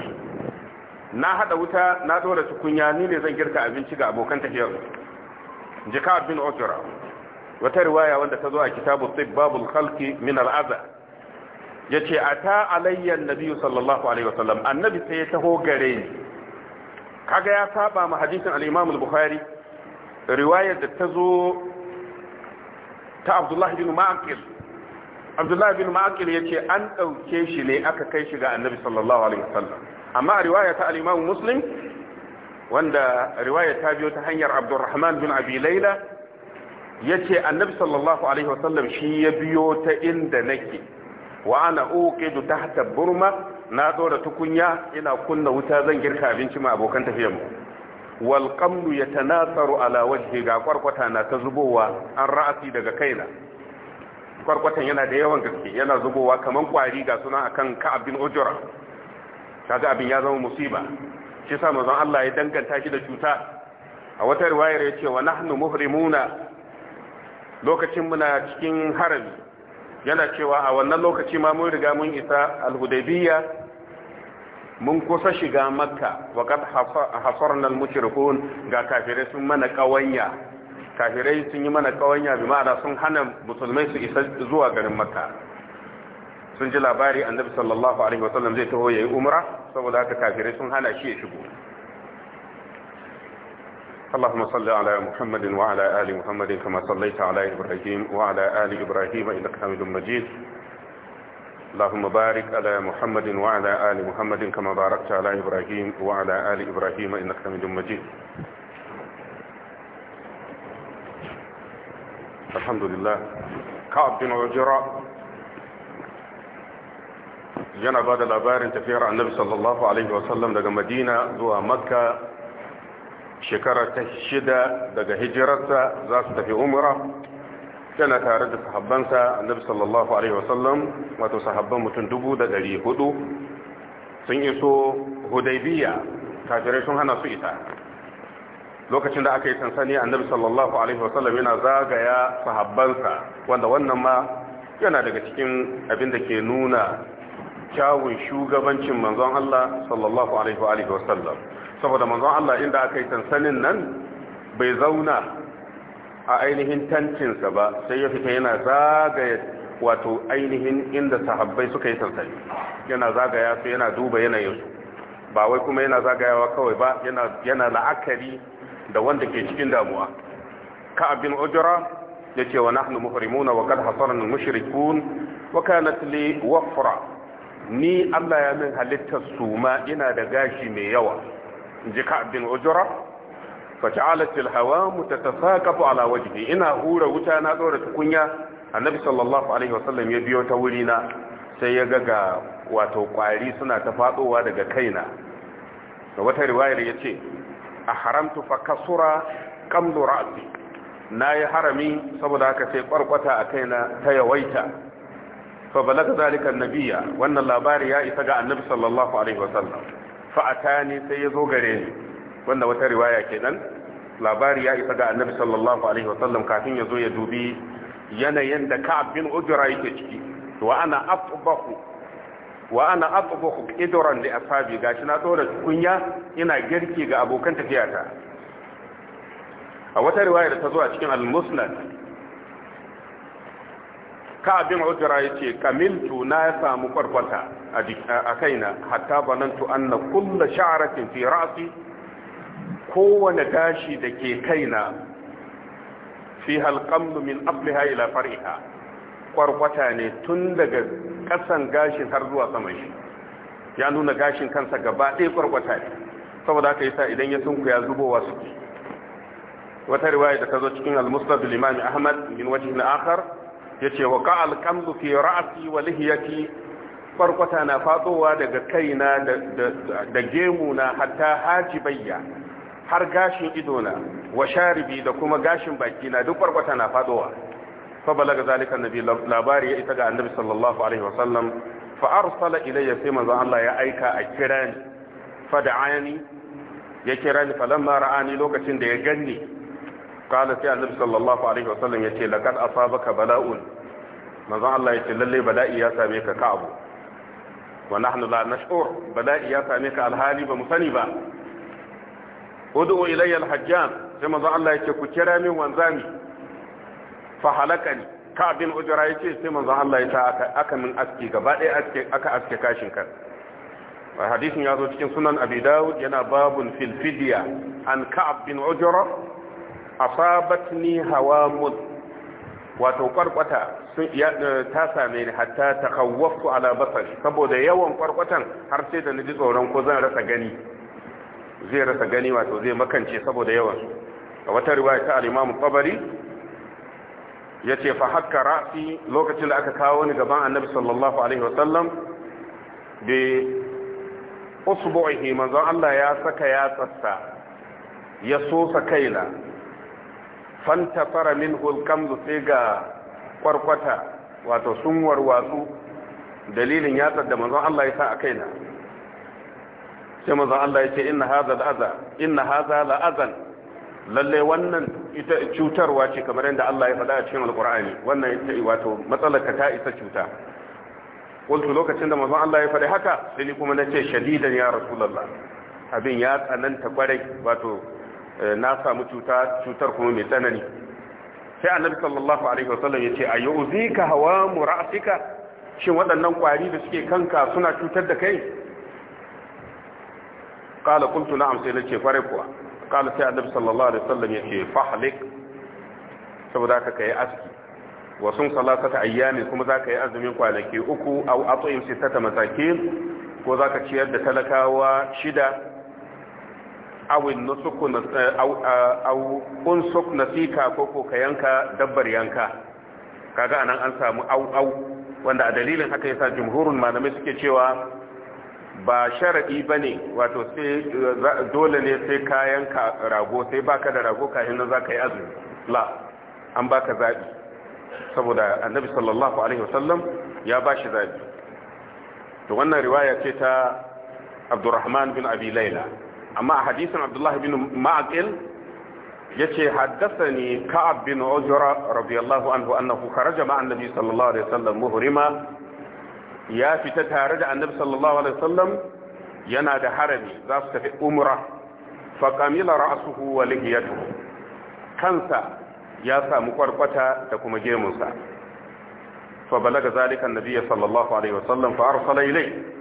na hada wuta na dora tukunya ni ne zan girka abinci ga abokan tafiyar ji ka'ab bin ujra wata riwaya wanda ta zo a kitabu tibbabul khalqi min al'aza yace ata alayya an-nabi sallallahu alaihi wasallam annabi sai ya taho gare ni kaga ya saba ma hadisin al-imam al-bukhari riwayar da ta zo ta abdullahi bin ma'aqil abdullahi bin ma'aqil yace an dauke shi ne aka kai shi ga annabi sallallahu alaihi wasallam amma riwaya ta al-imam muslim wanda riwaya ta biyo ta hanyar abdurrahman bin abi laila yace annabi sallallahu alaihi wasallam shi ya biyo ta inda nake wa ana uqidu tahta burma na da tukunya ina kunna wuta zan girka abinci ma abokan tafiyar mu wal qamlu yatanatharu ala wajhi ga kwarkwata na ta zubowa an ra'asi daga kaina kwarkwatan yana da yawan gaske yana zubowa kamar kwari ga suna akan ka'ab bin ujra kaga abin ya zama musiba shi yasa manzon Allah ya danganta shi da cuta a wata riwayar ya ce wa nahnu muhrimuna lokacin muna cikin harami yana cewa a wannan lokaci ma mun riga mun isa al-hudaybiyya mun kusa shiga makka wa qad hasarna al-mushrikun ga kafirai sun mana kawanya kafire sun yi mana kawanya bi ma'ana sun hana musulmai su isa zuwa garin makka sun ji labari annabi sallallahu alaihi wasallam zai taho yayi umra saboda haka kafirai sun hana shi ya shigo اللهم صل على محمد وعلى آل محمد كما صليت على إبراهيم وعلى آل إبراهيم إنك حميد مجيد اللهم بارك على محمد وعلى آل محمد كما باركت على إبراهيم وعلى آل إبراهيم إنك حميد مجيد الحمد لله كعب بن عجراء هذا ba تفير labarin النبي صلى الله عليه وسلم daga madina shekara ta shida daga hijirarsa za su tafi umara yana tare da sahabbansa annabi sallallahu alaihi wasallam wato sahabban mutum dubu da dari hudu sun iso hudaibiya kafirai sun hana su ita lokacin da aka yi sansani annabi sallallahu alaihi wasallam yana zagaya sahabbansa wanda wannan ma yana daga cikin abin da ke nuna kyawun shugabancin manzon Allah sallallahu alaihi wasallam saboda manzon Allah inda aka yi sansanin nan bai zauna a ainihin tancinsa ba sai ya fita yana zagaya wato ainihin inda sahabbai suka yi sansani yana zagaya su yana duba yanayinsu ba wai kuma yana zagayawa kawai ba yana la'akari da wanda ke cikin damuwa ka'ab bin ujra yace wa nahnu muhrimuna wa qad hasarna mushrikun wa kanat li wafra ni Allah ya min halittar suma ina da gashi mai yawa jika bin ujura fa ja'alat ta hawamu tatasaqatu ala wajhi ina hura wuta na dora tukunya annabi sallallahu alaihi wasallam ya biyo ta wuri na sai ya ga ga wato kwari suna ta fadowa daga kaina da wata riwayar yace a haramtu fa kasura qamdu ra'si na yi harami saboda haka sai kwarkwata a kaina ta yawaita fa balaga zalika annabiya wannan labari ya isa ga annabi sallallahu alaihi wasallam fa'atani sai ya zo gare ni wanda wata riwaya ke kenan labari ya isa ga annabi sallallahu alaihi wasallam kafin ya zo ya dubi yanayin da ka abin ujra yake ciki wa ana atbahu wa ana atbahu da asabi ga shi na dora kunya ina girki ga abokan tafiyata a wata riwaya da ta zo a cikin al-musnad ka'abin ya ce kamiltu na samu kwarkwata a kaina hatta banantu anna na kulla fi ra'si kowane gashi da ke kaina fi halqamlu min aqliha ila far'iha kwarkwata ne tun daga kasan gashin har zuwa saman shi ya nuna gashin kansa gaba ɗaya kwarkwata ne saboda yi sa idan ya sunku ya zubowa su. wata riwaya da ta zo cikin al-musnad al ahmad min wajhin akar yace wa ka alqamdu ra'asi ra'si wa lihiyati farkwata na fadowa daga kaina da gemu na haji hajibayya har gashin idona wa sharibi da kuma gashin baki na duk farkwata na fadowa fa balaga zalika annabi labari ya ita ga annabi sallallahu alaihi wasallam fa arsala ilayya sai manzo Allah ya aika a kira ni fa da'ani ya kira ni falamma ra'ani lokacin da ya ganni kala sai annabi sallallahu alaihi wasallam yace laqad asabaka bala'un manzon Allah yace lalle bala'i ya same ka ka abu wa nahnu la bala'i ya same ka alhali ba mu sani ba ud'u ilayya alhajjan sai manzon Allah yace ku kira min wanzami fa halakani ka bin yace sai manzon Allah ya ta aka min aski gaba ɗaya aske aka aske kashin kan hadisin ya zo cikin sunan abi dawud yana babun fil an ka'ab afabatni hawamud wato kwarkwata eh, ta same ni hatta ta kawwaftu ala basari saboda yawan kwarkwatan har sai da naji tsoron ko zan rasa gani zai rasa gani wato zai makance saboda yawan a wata riwaya ta al-Imam Tabari yace fa hakka ra'si lokacin da aka kawo ni gaban Annabi sallallahu alaihi wa sallam bi usbu'ihi manzo Allah ya saka ya tsatsa ya sosa kaina fanta fara min hulkamzu sai ga kwarkwata wato sun warwatsu dalilin yatsar da manzon Allah ya sa a kaina sai manzon Allah ya ce inna haza la'aza inna haza la'azan lalle wannan ita cutarwa ce kamar yadda Allah ya faɗa a cikin alkur'ani wannan ita wato matsalar ka ta isa cuta qultu lokacin da manzon Allah ya faɗi haka sai ni kuma nace shadidan ya rasulullah abin ya tsananta kwarai wato Eh, na samu cutar kuma mai tsanani sai annabi sallallahu alaihi wasallam ya ce a zai ka hawa mu shin waɗannan ƙwari da suke kanka suna cutar da kai qala qultu na'am sai nace kware kuwa qala sai annabi sallallahu alaihi wasallam ya ce fahlik saboda ka kai aski wa sun salatata ayyami kuma zaka ka yi azumin kwanaki uku au at'im sittata masakin ko zaka ciyar da talakawa shida awin nusuku au eh, eh, unsuk nasika ko ko ka yanka dabbar yanka kaga anan an samu au au wanda a dalilin haka yasa jumhurun malamai suke cewa ba sharadi bane wato sai eh, dole ne sai ka yanka rago sai baka da rago kafin nan zaka yi azumi la an baka zabi saboda annabi sallallahu alaihi wasallam ya bashi zabi to wannan riwaya ce ta Abdurrahman bin Abi Layla amma a hadisin abdullahi bin ma'aqil yace haddathani ka'ab bin ujra radiyallahu anhu annahu kharaja ma'a annabi sallallahu alaihi wasallam muhrima ya fita tare da annabi sallallahu alaihi wasallam yana da harami za su tafi umra fa kamila ra'suhu wa lihiyatuhu kansa ya samu kwarkwata da kuma gemunsa fa balaga zalika annabi sallallahu alaihi wasallam fa arsala ilayhi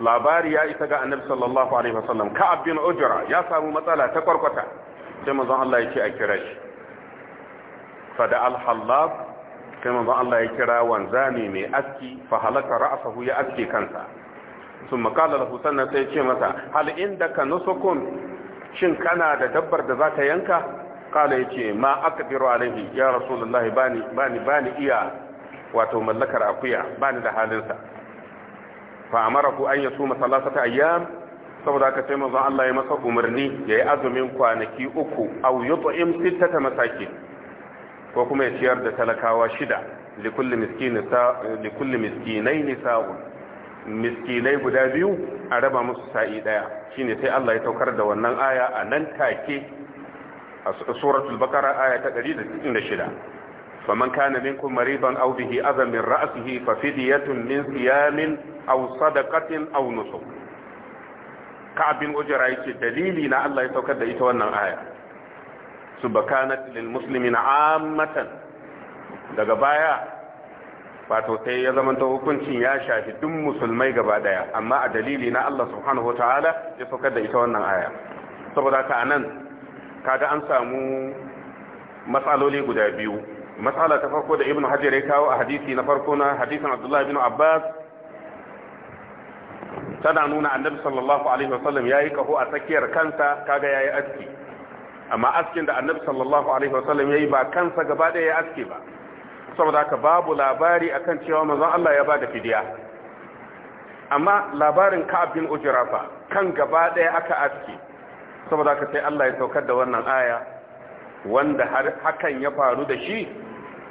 labari ya isa ga annabi sallallahu alaihi wasallam ka'ab bin ujra ya samu matsala ta kwarkwata sai manzon Allah ya ce a kira shi fa da al-hallab sai manzon Allah ya kira wanzami mai aski fa halaka ra'sahu ya aske kansa sun makala lahu sannan sai ce masa hal da ka nusukun shin kana da dabbar da zaka yanka kala yace ma aqdiru alaihi ya rasulullahi bani bani bani iya wato mallakar akuya bani da halinsa fa amara ku an yasu masallasata ayyam saboda haka sai manzon Allah ya masa umarni ya yi azumin kwanaki uku aw yut'im sittata masakin ko kuma ya ciyar da talakawa shida likulli miskinai sa miskinai guda biyu a raba musu sa'i Shi shine sai Allah ya saukar da wannan aya a nan take a suratul bakara aya ta 196 faman kana minkum mariban aw bihi adhan min ra'sihi fa fidyatun min siyamin aw sadaqatin aw nusuk ka'abin ujra dalili na Allah ya saukar da ita wannan aya subakanat lil muslimina ammatan daga baya wato sai ya zamanta hukuncin ya shafi duk musulmai gaba ɗaya, amma a dalili na Allah subhanahu wataala ya saukar da ita wannan aya saboda ka anan ka ga an samu matsaloli guda biyu matsala ta farko da ibn hajar ya kawo a hadisi na farko na hadisin abdullahi bin abbas tana nuna annabi sallallahu alaihi wasallam ya yi kaho a tsakiyar kansa kaga ya yi aski amma askin da annabi sallallahu alaihi wasallam ya yi ba kansa gaba ɗaya ya aski ba saboda haka babu labari akan cewa manzon Allah ya ba da fidiya amma labarin Ka'ab bin Ujrafa kan gaba ɗaya aka aski saboda haka sai Allah ya saukar da wannan aya wanda har hakan ya faru da shi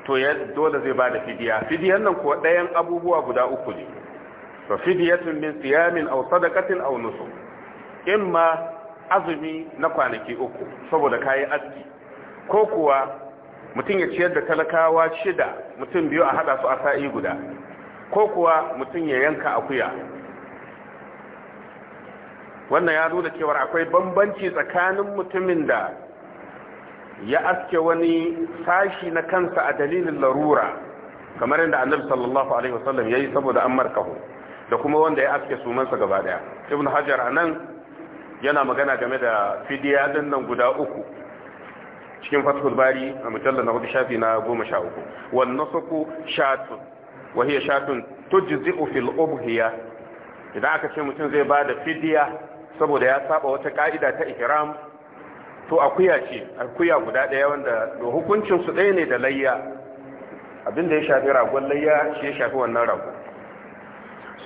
to ya dole zai bada fidiya fidiyan nan kuwa ɗayan abubuwa guda uku ne to fidiyatun min siyamin aw sadaqatin aw nusuk imma azumi na kwanaki uku saboda kai aski ko kuwa mutum ya ciyar da talakawa shida mutum biyu a hada su a sa'i guda ko kuwa mutum ya yanka akuya wannan ya nuna cewa akwai bambanci tsakanin mutumin da ya aske wani sashi na kansa a dalilin larura kamar yadda annabi sallallahu alaihi wasallam yayi saboda an markahu da kuma wanda ya aske sumansa gaba daya ibn hajar anan yana magana game da fidiya din nan guda uku cikin fathul bari a mujallal na hudu shafi na goma sha uku wan nasaku shatun wa hiya shatun tujzi'u fil ubhiya idan aka ce mutum zai ba da fidiya saboda ya saba wata ka'ida ta ihram to akuya ce akuya guda ɗaya wanda da hukuncin su ɗaya ne da layya abinda ya shafi ragon layya shi ya shafi wannan rago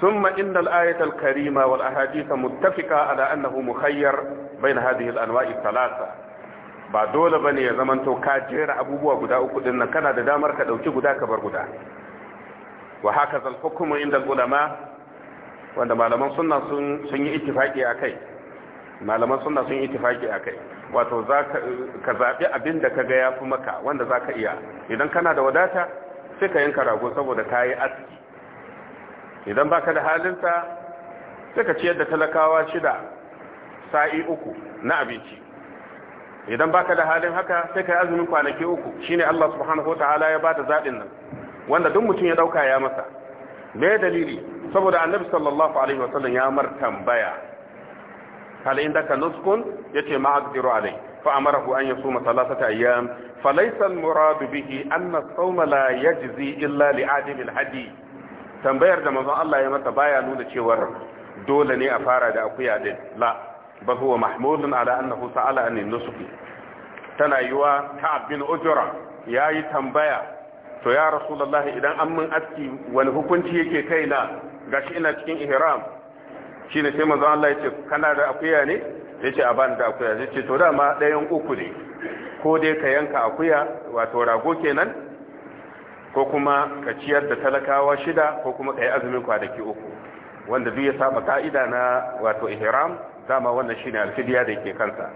ثم إن الآية الكريمة والأحاديث متفقة على muhayyar bai na هذه الأنواع الثلاثة ba dole ba ne ya zamanto ka jera abubuwa guda uku din nan kana da damar ka ɗauki guda ka bar guda wa haka zal hukumu inda ulama wanda malaman sunna sun yi ittifaki a malaman sunna sun yi a kai wato ka zaɓi abin da ka ga ya fi maka wanda za ka iya idan kana da wadata sai ka yanka rago saboda ka yi aski idan ba ka da halinsa sai ka ciyar da talakawa shida sa'i uku na abinci idan ba ka da halin haka sai ka yi azumin kwanaki uku shi ne Allah subhanahu ta'ala ya ba da zaɓin nan wanda duk mutum ya ɗauka ya masa me dalili saboda annabi sallallahu alaihi wasallam ya mar tambaya in daka nuskun yace ma aqdiru alai fa amarahu an yasuma thalathata ayyam falaysa al murad bihi anna as-sawma la yajzi illa li adim al tambayar da manzon Allah ya mata baya nuna cewar dole ne a fara da akuya din la bal huwa mahmulun ala annahu sa'ala an nusuki tana yiwa ka'ab bin ujra yayi tambaya to ya rasulullahi idan an mun aski wani hukunci yake kai kaina gashi ina cikin ihram shi ne sai manzo Allah ya ce kana da akuya ne ya ce a bani da akuya ya ce to dama ɗayan uku ne ko dai ka yanka akuya wato rago kenan ko kuma ka ciyar da talakawa shida ko kuma ka yi azumin kwanaki uku wanda duk ya saba ka'ida na wato ihram dama wannan shine alfidiya da yake kansa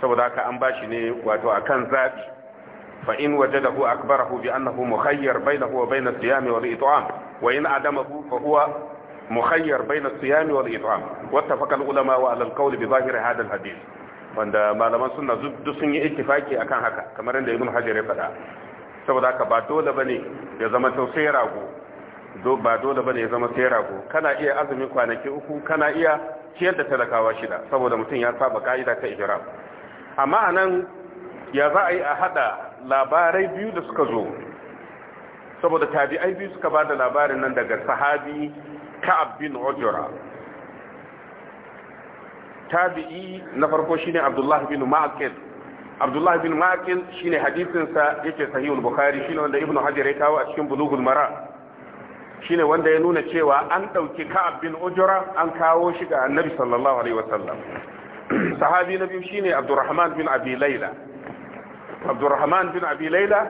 saboda haka an bashi ne wato akan zabi fa in wajadahu akbarahu bi annahu mukhayyar bainahu wa bain as wa wal it'am wa in adamahu fa huwa مخير بين الصيام والإطعام واتفق العلماء على القول بظاهر هذا الحديث wanda malaman suna duk sun yi ittifaki akan haka kamar yadda ibn hajar ya faɗa saboda haka ba dole bane ya zama to sai rago do ba dole bane ya zama sai rago kana iya azumin kwanaki uku kana iya ciyar da talakawa shida saboda mutum ya saba ka'ida ta ihram amma anan ya za a yi a hada labarai biyu da suka zo saboda tabi'ai biyu suka ba da labarin nan daga sahabi ka'ab bin ujra tabi'i na farko shine abdullahi bin ma'qil abdullahi bin ma'qil shine hadisin sa yake sahihul bukhari shine wanda ibnu hajar ya kawo a cikin bulughul mara shine wanda ya nuna cewa an dauki ka'ab bin ujra an kawo shi ga annabi sallallahu alaihi wasallam sahabi na biyu shine abdurrahman bin abi laila abdurrahman bin abi laila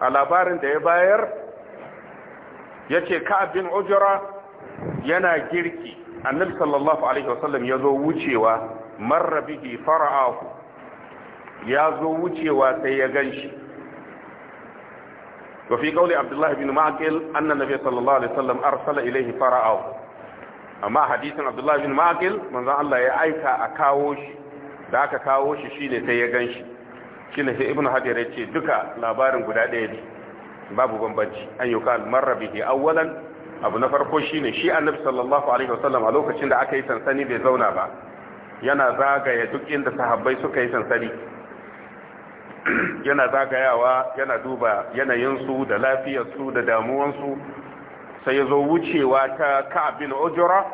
a labarin da ya bayar yace ka'ab bin ujra yana girki annabi sallallahu alaihi wasallam ya zo wucewa marra bihi fara'ahu ya zo wucewa sai ya ganshi wa fi qawli abdullah ibn ma'qil anna nabi sallallahu alaihi wasallam arsala ilayhi fara'ahu amma hadithin abdullah ibn ma'qil manzo Allah ya aika a kawo shi da aka kawo shi shine sai ya ganshi shine sai ibn hajar yace ce duka labarin guda ɗaya ne babu bambanci an yuka marra bihi awwalan abu na farko shine shi annabi sallallahu alaihi wasallam a lokacin da aka yi sansani bai zauna ba yana zagaya duk inda sahabbai suka yi sansani yana zagayawa yana duba yanayinsu da lafiyarsu da damuwansu sai ya zo wucewa ta ka'abin ujura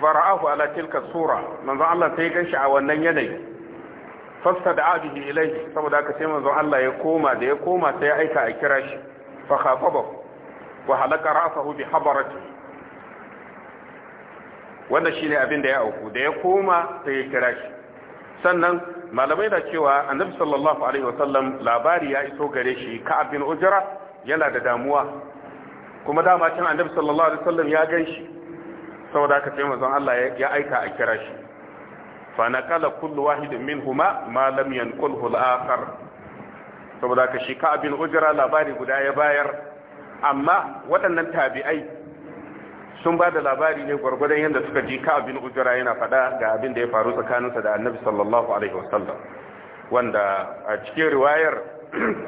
fara'ahu ala tilka sura manzon Allah sai gan shi a wannan yanayi fasta da abihi ilai saboda aka sai manzon Allah ya koma da ya koma sai ya aika a kira shi fa khafabahu wa halaka rasahu bi habarati wannan shine abin da ya auku da ya koma ta ya kira shi sannan malamai da cewa annabi sallallahu alaihi wasallam labari ya iso gare shi ka abin ujra yana da damuwa kuma dama can annabi sallallahu alaihi wasallam ya gan shi saboda haka sai manzon Allah ya aika a kira shi fa kala kullu wahidin minhuma ma lam yanqulhu al-akhar saboda ka shi ka bin ujira labari guda ya bayar amma waɗannan tabi'ai sun ba da labari ne gwargwadon yadda suka ji ka abin ujura yana faɗa ga abin da ya faru tsakaninsa da annabi sallallahu alaihi wasallam wanda a cikin riwayar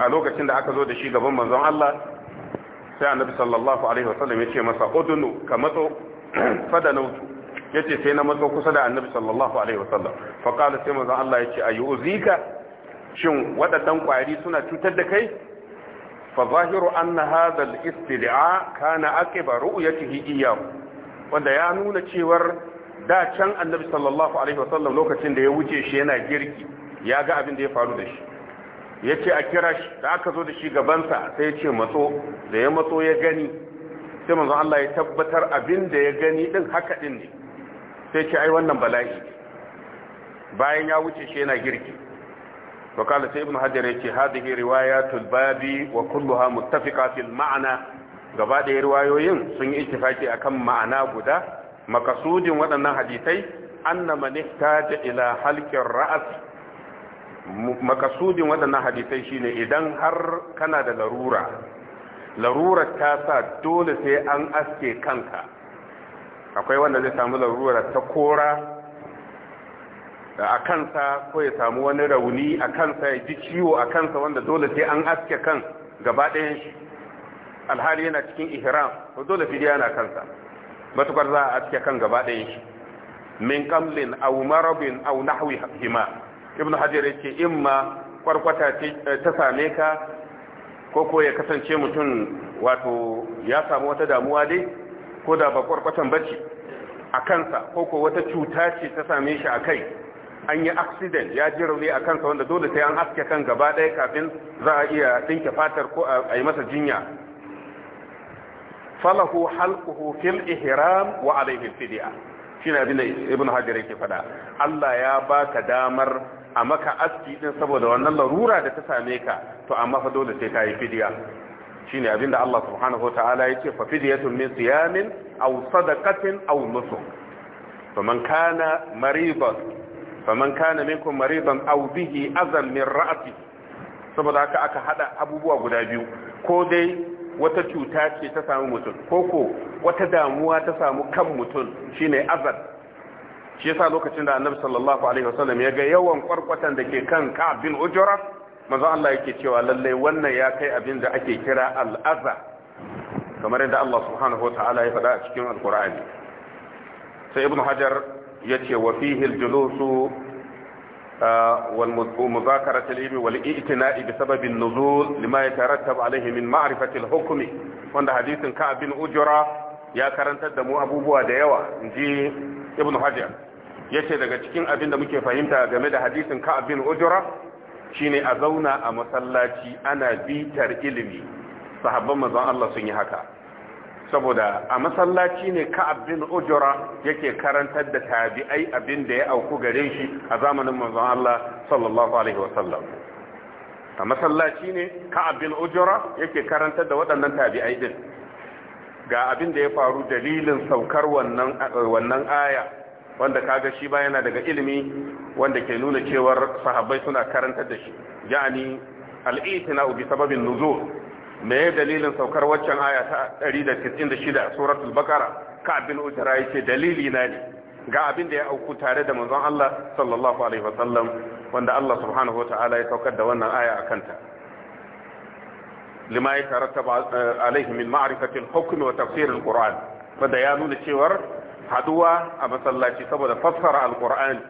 a lokacin da aka zo da shi gaban manzon Allah sai annabi sallallahu alaihi wasallam ya ce masa udunu ka matso fada nautu ya ce sai na matso kusa da annabi sallallahu alaihi wasallam faƙala sai manzon Allah ya ce a yi uzika shin waɗannan ƙwari suna cutar da kai fa zahiru anna hadha al-istid'a kana aqiba wanda ya nuna cewar da can annabi sallallahu alaihi wasallam lokacin da ya wuce shi yana girki ya ga abin da ya faru da shi yace a kira shi da aka zo da shi gabansa sai ya ce matso da ya matso ya gani sai manzo Allah ya tabbatar abin da ya gani din haka din ne sai ce ai wannan bala'i bayan ya wuce shi yana girki وقال ابن حجر يكي هذه روايات الباب وكلها متفقة في المعنى gaba da riwayoyin sun yi a kan ma'ana guda makasudin waɗannan hadisai anna man ihtaja ila halqir ra's makasudin waɗannan hadisai shine idan har kana da larura larura ta sa dole sai an aske kanka akwai wanda zai samu larura ta kora a kansa ko ya samu wani rauni a kansa ya ji ciwo a kansa wanda dole sai an aske kan gaba ɗayan shi alhali yana cikin ihram to dole fidiya na kansa matukar za a aske kan gaba ɗayan shi min kamlin aw marabin aw nahwi hima ibn hajar in imma kwarkwata eh, ta same ka ko ko ya kasance mutum wato ya samu wata damuwa dai ko da ba kwarkwatan bace a kansa ko ko wata cuta ce ta same shi a kai an yi accident ya ji rauni a kansa wanda dole sai an aske kan gaba ɗaya kafin za a iya ɗinke fatar ko a yi masa jinya falahu halquhu fil ihram wa alaihi fidya shine abin da ibn hajar yake faɗa Allah ya baka damar a maka aski din saboda wannan larura da ta same ka to amma fa dole sai ka yi fidya shine abin da Allah subhanahu wa yake fa fidyatun min siyamin aw sadaqatin aw nusuk فمن كان مريضا faman kana minkum maridan aw bihi azan min ra'si saboda haka aka hada abubuwa guda biyu ko dai wata cuta ce ta samu mutum ko ko wata damuwa ta samu kan mutum shine azan shi yasa lokacin da annabi sallallahu alaihi wasallam ya ga yawan kwarkwatan da ke kan ka bin ujra manzo Allah yake cewa lalle wannan ya kai abin da ake kira al'aza kamar yadda Allah subhanahu wa ta'ala ya faɗa a cikin alqur'ani sai ibnu hajar yace wa fihi al-julusu ومذاكرة العلم والإئتناء بسبب النزول لما يترتب عليه من معرفة الحكم وعند حديث كعب بن أجرة يا كرنت دمو أبو بوا ديوا نجي ابن حجر yace daga cikin abin da muke fahimta game da hadisin Ka'ab bin Ujra shine a zauna a masallaci ana bitar ilimi sahabban manzon Allah sun yi haka saboda a masallaci ne ka'ab bin ujura yake karantar da tabi'ai abin da ya auku gare shi a zamanin manzon Allah sallallahu alaihi wasallam a masallaci ne ka'ab bin ujura yake karantar da waɗannan tabi'ai din ga abin da ya faru dalilin saukar wannan wannan aya wanda kaga shi ba yana daga ilimi wanda ke nuna cewar sahabbai suna karantar da shi yani al-itina bi sababin nuzul me dalilin saukar waccan aya ta 196 suratul bakara ka abin ujra yace dalili na ne ga abin da ya auku tare da manzon Allah sallallahu alaihi wasallam wanda Allah subhanahu wataala ya saukar da wannan aya a kanta lima ya tarattaba eh, alaihi min ma'rifati wa tafsir quran wanda ya nuna cewar haduwa a masallaci saboda fassara al-Qur'an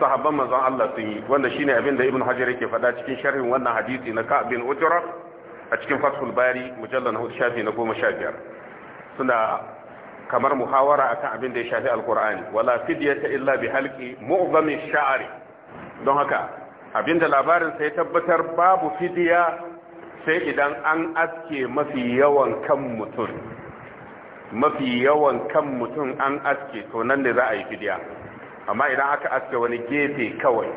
sahabban manzon Allah sun yi wanda shine abin da Ibn Hajar yake faɗa cikin sharhin wannan hadisi na ka bin Ujra a cikin fathul mujallar na shafi na goma sha biyar suna kamar muhawara akan abin da ya shafi alkur'ani wala fidiyata illa bi halki mu'zami sha'ari don haka abinda labarin sai tabbatar babu fidiya sai idan an aske mafi yawan kan mutum mafi yawan kan mutum an aske to nan ne za a yi fidiya amma idan aka aske wani gefe kawai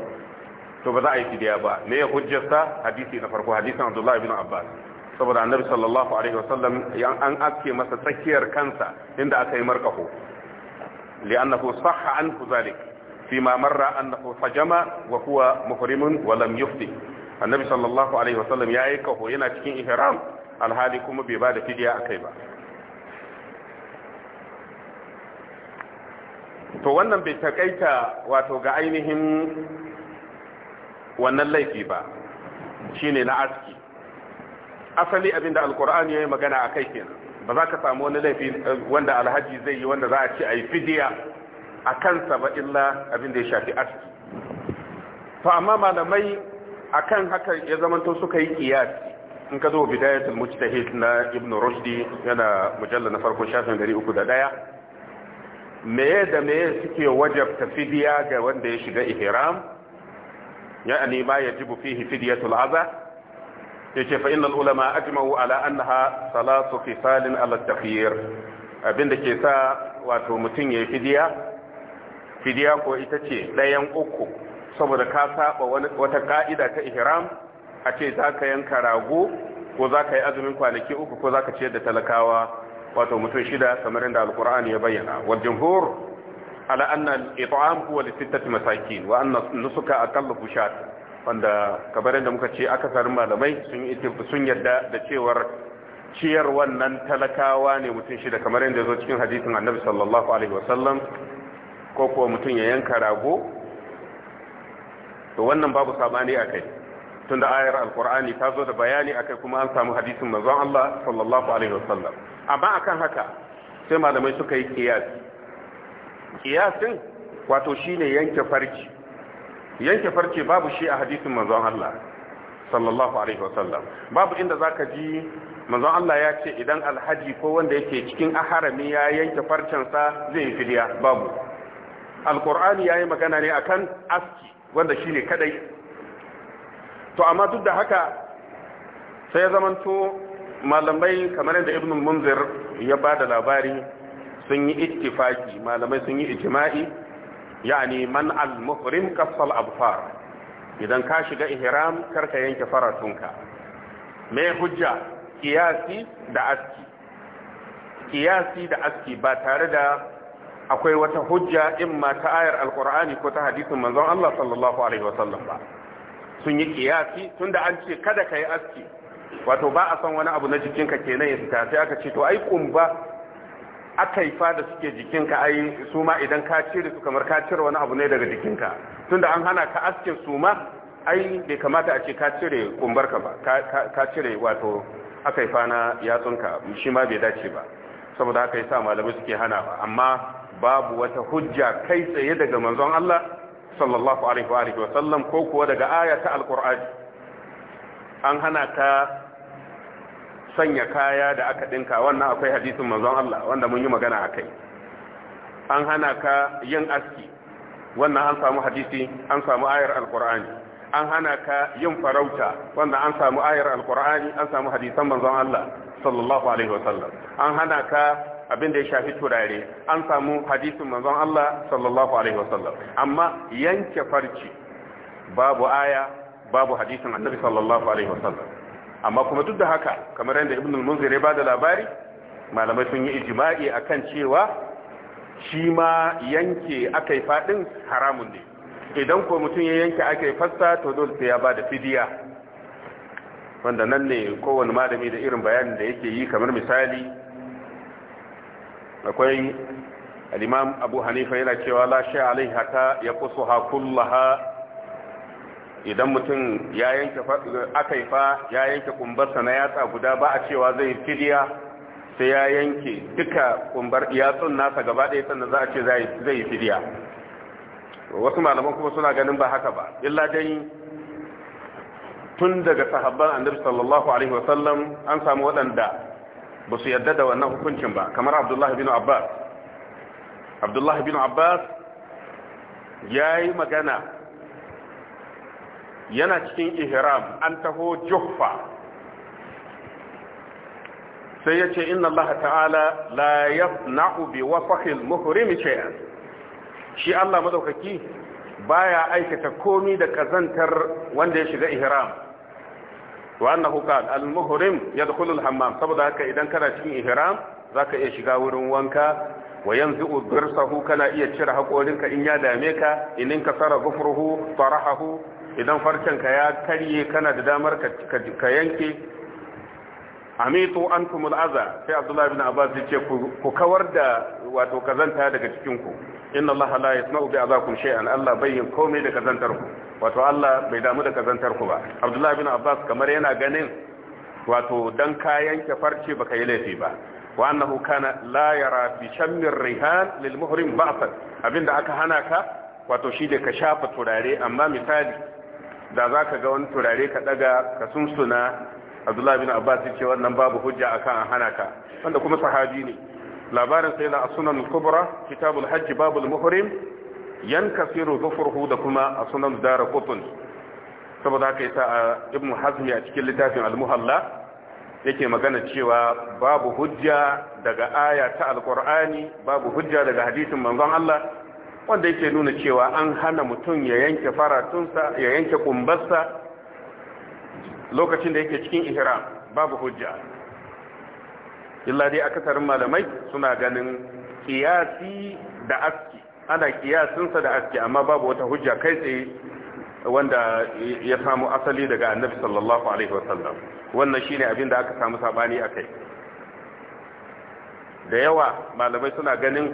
to ba za a yi fidiya ba me ya hujjarsa hadisi na farko hadisin abdullahi ibn abbas saboda annabi sallallahu alaihi wasallam an aske masa tsakiyar kansa inda aka yi markaho li'annahu sahha anhu zalik ma marra annahu fajama wa huwa muhrimun wa lam yufti annabi sallallahu alaihi wasallam yayi kaho yana cikin ihram alhali kuma bai bada fidiya akai ba to wannan bai takaita wato ga ainihin wannan laifi ba shine na aski asali abin abinda alkur'ani yayi magana akai kenan ba za ka samu wani laifi eh, wanda alhaji zai yi wanda za a ce yi fidiya a kansa ba illa da ya shafi aski to amma malamai akan haka ya zamanto suka yi kiyasi in ka zo bidayatul mujtahid na ibn rushdi yana mujalla na farkon shafin gari meye da meye suke wajabta fidiya ga wanda ya shiga ihram ya'ani ma jibu fihi fidiyatul adha yace fa innal ulama ajma'u ala annaha salatu khisalin ala tafiyir abinda ke sa wato mutum yayi fidiya fidiya ko ita ce ɗayan uku saboda ka saba wata ka'ida ta ihram a ce ka yanka rago ko ka yi azumin kwanaki uku ko ka ciyar da talakawa wato mutum shida kamar inda alqur'ani ya bayyana wal jumhur ala anna al-it'am huwa li sittati masakin wa anna nusuka aqallu bushat wanda kamar yadda muka ce aka akasarin malamai sun yi sun yadda da cewar ciyar wannan talakawa ne mutum shida kamar yadda zo cikin hadisin annabi sallallahu alaihi wasallam ko kuwa mutum ya yanka rago to wannan babu sabani akai tunda ayar alkur'ani ta zo da bayani akai kuma an samu hadisin mazan Allah sallallahu alaihi wasallam amma akan haka sai malamai suka yi kiyasi kiyasin wato shine yanke farki yanke farce babu shi a hadisin manzon Allah sallallahu alaihi wasallam babu inda zaka ji manzon Allah ya ce idan alhaji ko wanda yake cikin ahrami ya yanke sa zai yi fidiya babu alqur'ani yayi magana ne akan aski wanda shine kadai to amma duk da haka sai ya zamanto malamai kamar yadda ibn munzir ya bada labari sun yi ittifaki malamai sun yi ijma'i yani man al-muhrim kasal abfar idan ka shiga ihram karka yanke faratunka me hujja kiyasi da aski kiyasi da aski ba tare da akwai wata hujja imma ta ayar alqur'ani ko ta hadisin manzon Allah sallallahu alaihi wasallam ba sun yi kiyasi tunda an ce kada kai aski wato ba a san wani abu na jikinka kenan ya fita sai aka ce to ai kumba Aka akaifa da suke jikinka ai su ma idan ka cire su kamar ka cire wani abu ne daga jikinka tunda an hana ka aske suma, ma ai bai kamata a ce ka cire ka ba ka cire wato aka akaifa na yatsunka shi ma bai dace ba saboda aka yi sa malamai suke hana ba amma babu wata hujja kai tsaye daga manzon Allah sallallahu alaihi wa sallam ko kuwa daga aya ta alqur'ani an hana ka sanya kaya da aka dinka wannan akwai hadisin manzon Allah wanda mun yi magana akai an hana ka yin aski wannan an samu hadisi an samu ayar alqur'ani an hana ka yin farauta wannan an samu ayar alqur'ani an samu hadisan manzon Allah sallallahu alaihi wasallam an hana ka abin da ya shafi turare an samu hadisin manzon Allah sallallahu alaihi wasallam amma yanke farci babu aya babu hadisin annabi sallallahu alaihi wasallam amma kuma duk da haka kamar yadda ibn al-munzir ya bada labari malamai sun yi ijma'i akan cewa shi ma yanke akai fadin haramun ne idan ko mutum ya yanke akai fassa to dole sai ya bada fidiya wanda nan ne kowane malami da irin bayanin da yake yi kamar misali akwai al-imam abu hanifa yana cewa la shay alaiha ta yaqusuha kullaha idan mutum ya yanke fa, ya yanke kumbarsa na yatsa guda ba a cewa zai fidiya sai ya yanke duka kumbar yatsun nasa gaba ɗaya sannan za a ce zai yi fidiya wasu malaman kuma suna ganin ba haka ba illa dai tun daga sahabban annabi sallallahu alaihi wasallam an samu waɗanda ba su yarda da wannan hukuncin ba kamar abdullahi bin abbas abdullahi bin abbas ya yi magana yana cikin ihram an taho juhfa sai ya ce inna Allah ta'ala la yafna'u bi wafakhil muhrim shay'an shi Allah madaukaki baya aikata komi da kazantar wanda ya shiga ihram wa annahu qala al muhrim yadkhulu al hammam saboda haka idan kana cikin ihram zaka iya shiga wurin wanka wa yanzu birsahu kana iya cire haƙorinka in ya dame ka in ka sara gufruhu tarahahu idan farcenka ya karye kana da damar ka yanke amitu an kumul aza sai abdullahi bin abbas ya ce ku kawar da wato kazanta daga cikinku inna allaha la yasma'u bi azakum shay'an allah bayyin komai da kazantar ku wato allah bai damu da kazantar ku ba abdullahi bin abbas kamar yana ganin wato dan ka yanke farce baka yi laifi ba wa annahu kana la yara fi shammir rihan lil muhrim ba'sa abinda aka hana ka wato shi da ka shafa turare amma misali da za ka ga wani turare ka daga ka sunsuna abdullahi bin abbas ce wannan babu hujja akan an hana ka wanda kuma sahabi ne labarin sai na sunan kubra kitabul hajj babul muhrim kasiru dhufruhu da kuma sunan dara qutn saboda haka yasa ibn hazm a cikin littafin al-muhalla yake magana cewa babu hujja daga aya ta alqur'ani babu hujja daga hadisin manzon Allah wanda yake nuna cewa an hana mutum ya yanke faratunsa ya yanke kumbarsa lokacin da yake cikin ihira, babu hujja illa dai akasarin malamai suna ganin kiyasi da aski ana kiyasinsa da aski amma babu wata hujja kai tsaye wanda ya samu asali daga annabi sallallahu alaihi wasallam wannan shine abin da aka samu sabani akai da yawa malamai suna ganin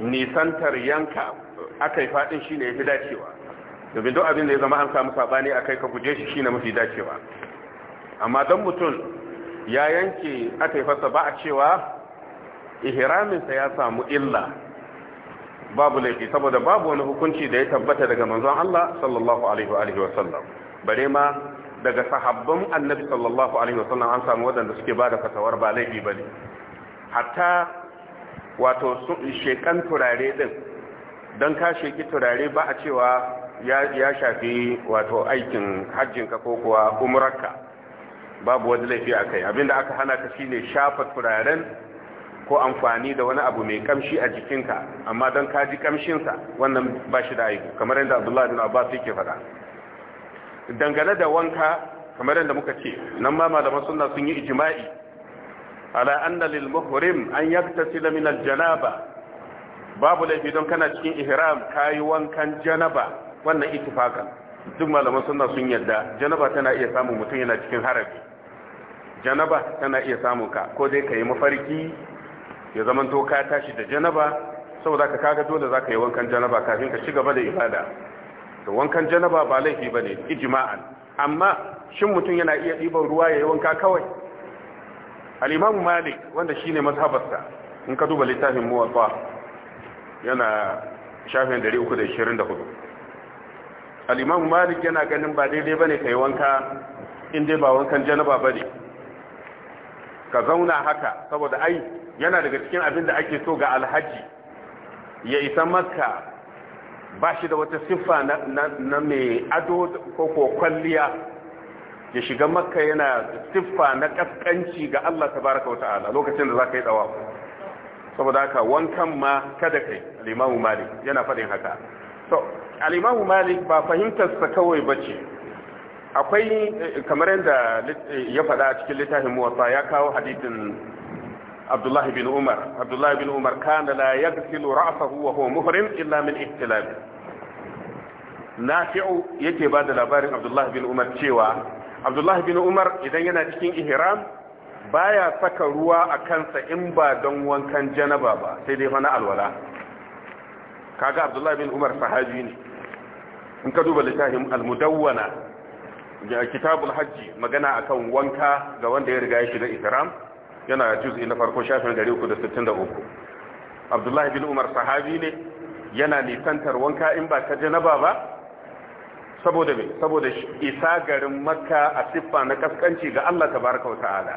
nisantar yanka aka yi faɗin ne ya fi dacewa domin duk abin da ya zama an samu sabani akai ka guje shi shine mafi dacewa amma don mutum ya yanke aka yi fasa ba a cewa ihraminsa ya samu illa babu laifi saboda babu wani hukunci da ya tabbata daga manzon Allah sallallahu alaihi wa alihi wa sallam bare ma daga sahabban annabi sallallahu alaihi wa sallam an samu wadanda suke ba da fatawar ba laifi bane hatta wato shekan turare din don ka ki turare ba a cewa ya shafi wato aikin hajjinka ko kuwa umurarka babu wani laifi a kai abinda aka hana ka shine shafa turaren ko amfani da wani abu mai kamshi a jikinka amma don ka kamshinsa wannan ba shi da aiki kamar yadda abdullahi bin abbas yake faɗa dangane da wanka kamar yadda muka ce nan ma malaman sunna sun yi ijma'i ala anna lil muhrim an yaktasila min al janaba babu laifi don kana cikin ihram kayi wankan janaba wannan ittifaqan duk malaman sunna sun yadda janaba tana iya samun mutum yana cikin harabi janaba tana iya samun ka ko dai kai mafarki ya zaman to ka tashi da janaba saboda ka kaga dole zaka yi wankan janaba kafin ka shiga gaba da ibada to wankan janaba ba laifi bane ijma'an amma shin mutum yana iya ɗiban ruwa ya yi wanka kawai al-imam malik wanda shine mazhabarsa in ka duba littafin muwatta yana shafin 324 al'imamu malik yana ganin ba daidai ba ne ka yi wanka inda ba wankan janaba ba ne ka zauna haka saboda ai yana daga cikin abin da ake so ga alhaji ya isa maka ba shi da wata siffa na mai ado ko kwalliya ya shiga maka yana siffa na kaskanci ga Allah baraka wa ta'ala lokacin da za ka yi tsawafu saboda haka wankan ma kada kai al-imamu malik yana fadin haka to Alimahu malik ba fahimtarsa sa kawai bace akwai eh, kamar yadda eh, ya faɗa a cikin littafin muwatta ya kawo hadithin Abdullahi bin Umar Abdullahi bin Umar kana la a sahu wa huwa muhrim illa min ihtilab Nafi'u yake ba da labarin Abdullahi bin Umar cewa Abdullahi bin Umar idan yana cikin ihram baya saka ruwa a kansa in ba don wankan janaba ba sai dai fa na alwala kaga abdullahi bin umar sahabi ne in ka duba littafin almudawwana da kitabul hajji magana akan wanka ga wanda ya riga ya shiga ihram yana juz'i na farko shafin 363 abdullahi bin umar sahabi ne yana nisantar wanka in ba ta janaba ba saboda me saboda isa garin makka a siffa na kaskanci ga Allah tabaraka wa ta'ala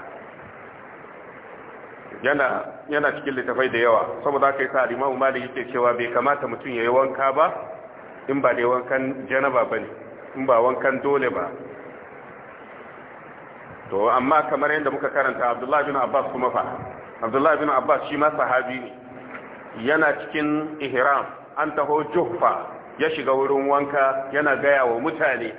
yana cikin littafai da yawa saboda aka yi sa imam Malik yake cewa bai kamata mutum yayi wanka ba in ba dai wankan janaba bane in ba wankan dole ba to amma kamar yadda muka karanta Abdullah bin Abbas kuma fa Abdullah bin Abbas shi ma sahabi ne yana cikin ihram an taho Juhfa ya shiga wurin wanka yana gaya wa mutane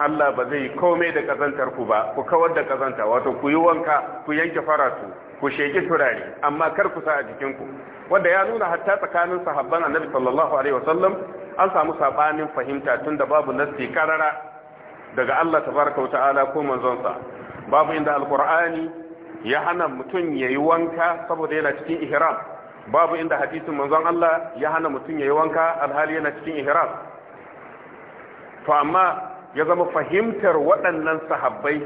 Allah ba zai komai da kazantar ku ba ku kawar da kazanta wato ku yi wanka ku yanke faratu ku sheki turare amma kar ku sa a jikinku wanda ya nuna hatta tsakanin sahabban annabi sallallahu alaihi wasallam an samu sabanin fahimta tunda babu nasti karara daga Allah tabaraka wa ta'ala ko manzonsa babu inda alqur'ani ya hana mutum yayi wanka saboda yana cikin ihram babu inda hadisin manzon Allah ya hana mutum yayi wanka alhali yana cikin ihram to amma ya zama fahimtar waɗannan sahabbai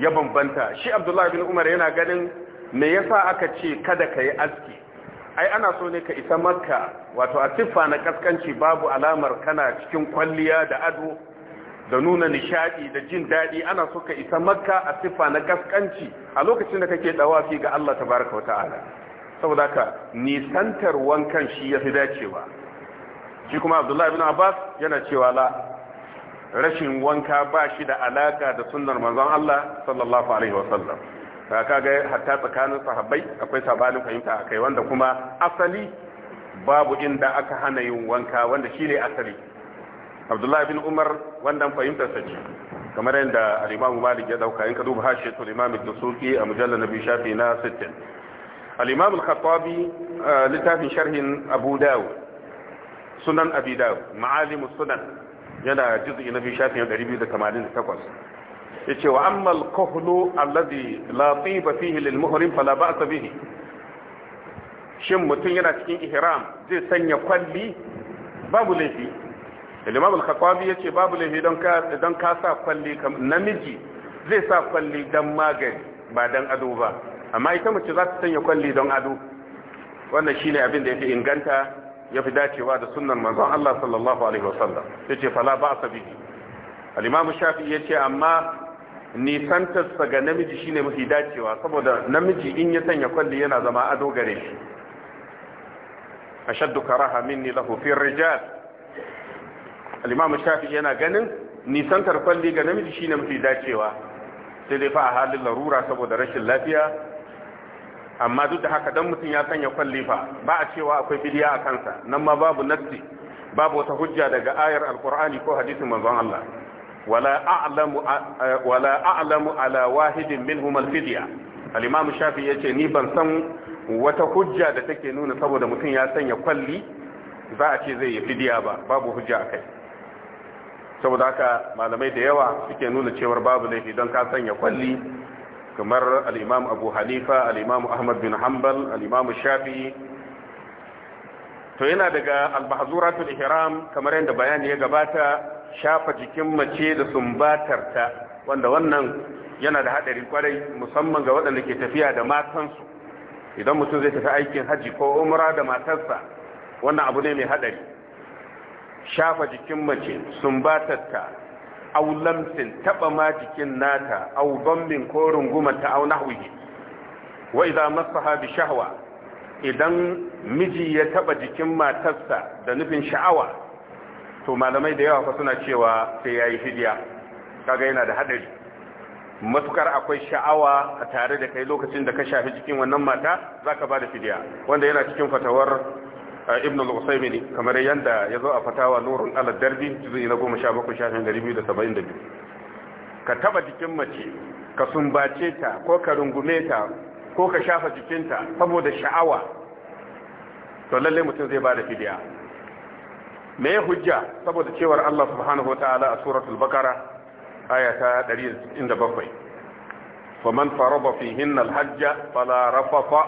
ya bambanta shi abdullahi bin umar yana ganin me yasa aka ce kada ka yi aski ai ana so ne ka isa makka wato a siffa na kaskanci babu alamar kana cikin kwalliya da ado da nuna nishadi da jin daɗi ana so ka isa makka a siffa na kaskanci a lokacin da kake dawafi ga Allah tabaraka wa ta'ala saboda ka nisantar wankan shi ya fi dacewa shi kuma abdullahi bin abbas yana cewa la rashin wanka ba shi da alaka da sunnar manzon Allah sallallahu alaihi wasallam kaga hatta tsakanin sahabbai akwai sabanin fahimta a kai wanda kuma asali babu inda aka hana yin wanka wanda shi ne asali Abdullahi bin Umar wannan fahimtar sa ce kamar yadda al-Imam Malik ya dauka in ka duba hashiyatul Imam ad-Dusuqi a mujallal nabi shafi na 60 al-Imam al-Khattabi littafin sharhin Abu Dawud sunan Abi Dawud ma'alim sunan yana juz'i na bi shafi 288 yace wa amma al-kahlu alladhi la tiba fihi lil muhrim fala ba'sa bihi shin mutum yana cikin ihram zai sanya kwalli babu laifi Imam al-Khattabi yace babu laifi don ka don ka sa kwalli namiji zai sa kwalli dan magani ba dan ado ba amma ita mace za ta sanya kwalli don ado wannan shine abin da yafi inganta ya fi dacewa da sunnar manzon Allah sallallahu alaihi wasallam yace fala ba'sa bihi al-Imam Shafi'i yace amma nisantarsa ga namiji shine mafi dacewa saboda namiji in ya sanya kwalli yana zama ado gare shi ashaddu karaha minni lahu fi rijal al-imam shafi yana ganin nisantar kwalli ga namiji shine mafi dacewa sai dai fa a halin larura saboda rashin lafiya amma duk da haka dan mutum ya sanya kwalli fa ba a cewa akwai bidiya a kansa nan ma babu nassi babu wata hujja daga ayar alqur'ani ko hadisin manzon Allah wala a'lamu wala ala wahidin minhum al al-imam shafi yace ni ban san wata hujja da take nuna saboda mutum ya sanya kwalli za a ce zai yi fidiya ba babu hujja akai saboda haka malamai da yawa suke nuna cewar babu laifi don ka sanya kwalli kamar al-imam abu Halifa al-imam ahmad bin hanbal al-imam shafi to yana daga al-mahzuratul ihram kamar yadda bayani ya gabata shafa jikin mace da sumbatarta wanda wannan yana da haɗari kwarai musamman ga waɗanda ke tafiya da matansu idan mutum zai tafi aikin hajji ko umra da matarsa wannan abu ne mai haɗari shafa jikin mace sumbatarta aulamsin, taɓa ma jikin nata aubambin bambin ko ta au nahwihi wa idza masaha bi shahwa idan miji ya taɓa jikin matarsa da nufin sha'awa to malamai da yawa fa suna cewa sai yayi fidiya kaga yana da hadari matukar akwai sha'awa a tare da kai lokacin da ka shafi cikin wannan mata zaka bada fidiya wanda yana cikin fatawar eh, ibn al usaymini kamar yanda yazo a fatawa nurul ala darbi juzu'i na 17 da biyu. ka taba jikin mace ka sumbace ta ko ka rungume ta ko ka shafa jikinta saboda sha'awa to lalle mutum zai bada fidiya me hujja saboda cewar Allah subhanahu wataala a suratul bakara aya ta 167 faman farada fihin alhajj fala rafafa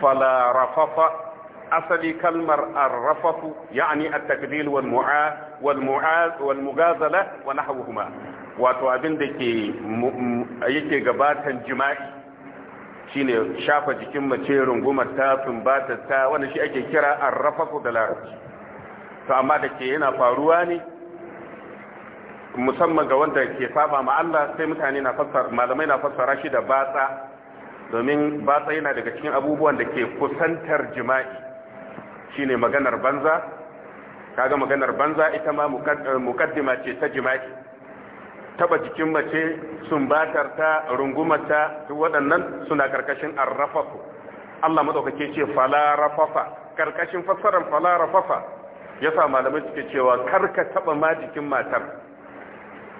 fala rafafa asali kalmar arrafafu yani at-takdil wal mu'a wal mu'az wal mugazala wa nahwuhuma wato abin da ke yake gabatan jima'i shine shafa jikin mace rungumar ta tumbata ta wanda shi ake kira arrafafu da larabci to amma da ke yana faruwa ne musamman ga wanda ke saba ma Allah sai mutane na fassar malamai na fassara shi da batsa domin batsa yana daga cikin abubuwan da ke kusantar jima'i shine maganar banza kaga maganar banza ita ma mukaddima ce ta jima'i taba jikin mace batar ta rungumar ta waɗannan suna karkashin arrafafu Allah madaukake ce fala rafafa karkashin fassarar fala rafafa Ya sa malamai suke cewa karka taba ma jikin matar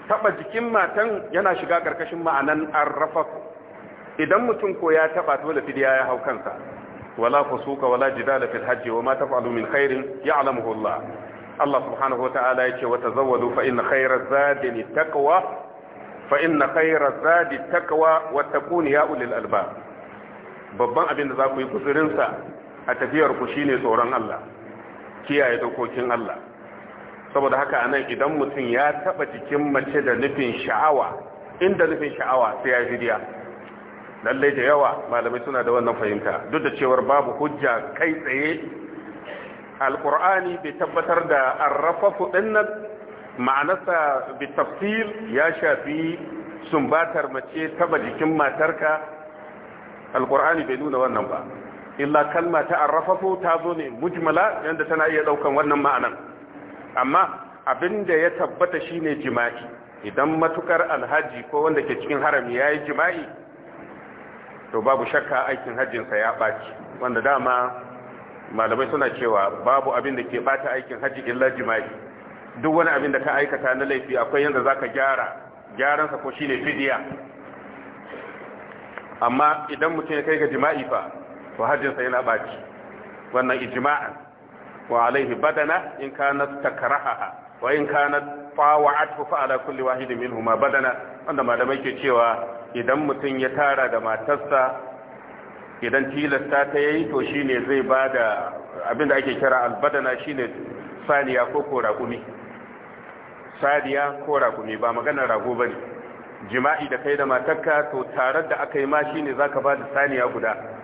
taba jikin matan yana shiga karkashin ma'anan arrafaku idan mutum ko ya taba dole fidiya ya hau kansa wala fusuka wala jidala fil hajji wa ma taf'alu min khairin ya'lamuhu Allah Allah subhanahu wa ta'ala yace wa tazawwadu fa inna khayra zadi fa inna khayra zadi taqwa wa takuni ya ulil albab babban abin da za ku yi kusurinsa a tafiyar ku shine tsoron Allah kiyaye dokokin Allah saboda haka anan idan mutum ya taba jikin mace da nufin sha'awa inda nufin sha'awa sai ya fidiya lallai da yawa malamai suna da wannan fahimta duk da cewar babu hujja kai tsaye alkur'ani bai tabbatar da arrafafu dinnan ma'anarsa bi tafsir ya shafi sumbatar mace taba jikin matarka alkur'ani bai nuna wannan ba illa kalma ta arrafafu ta zo ne mujmala yanda tana iya daukan wannan ma'anan amma abinda ya tabbata shine jima'i idan matukar alhaji ko wanda ke cikin harami yayi jima'i to babu shakka aikin hajjinsa ya baci wanda dama malamai suna cewa babu abin da ke bata aikin hajji illa jima'i duk wani abin da ka aikata na laifi akwai yanda ka gyara gyaransa ko shine fidiya amma idan mutum ya kai ga jima'i fa to hajjinsa yana baci wannan ijma'an wa alaihi badana in kana takrahaha wa in kana fawa'atu fa ala kulli wahidin minhuma badana wanda malamai ke cewa idan mutun ya tara da matarsa idan tilasta ta yayi to shine zai bada abinda ake kira albadana shine saniya ko ko saniya ko raƙumi ba maganar rago bane jima'i da kai da matarka to tarar da aka yi ma shine zaka ba da saniya guda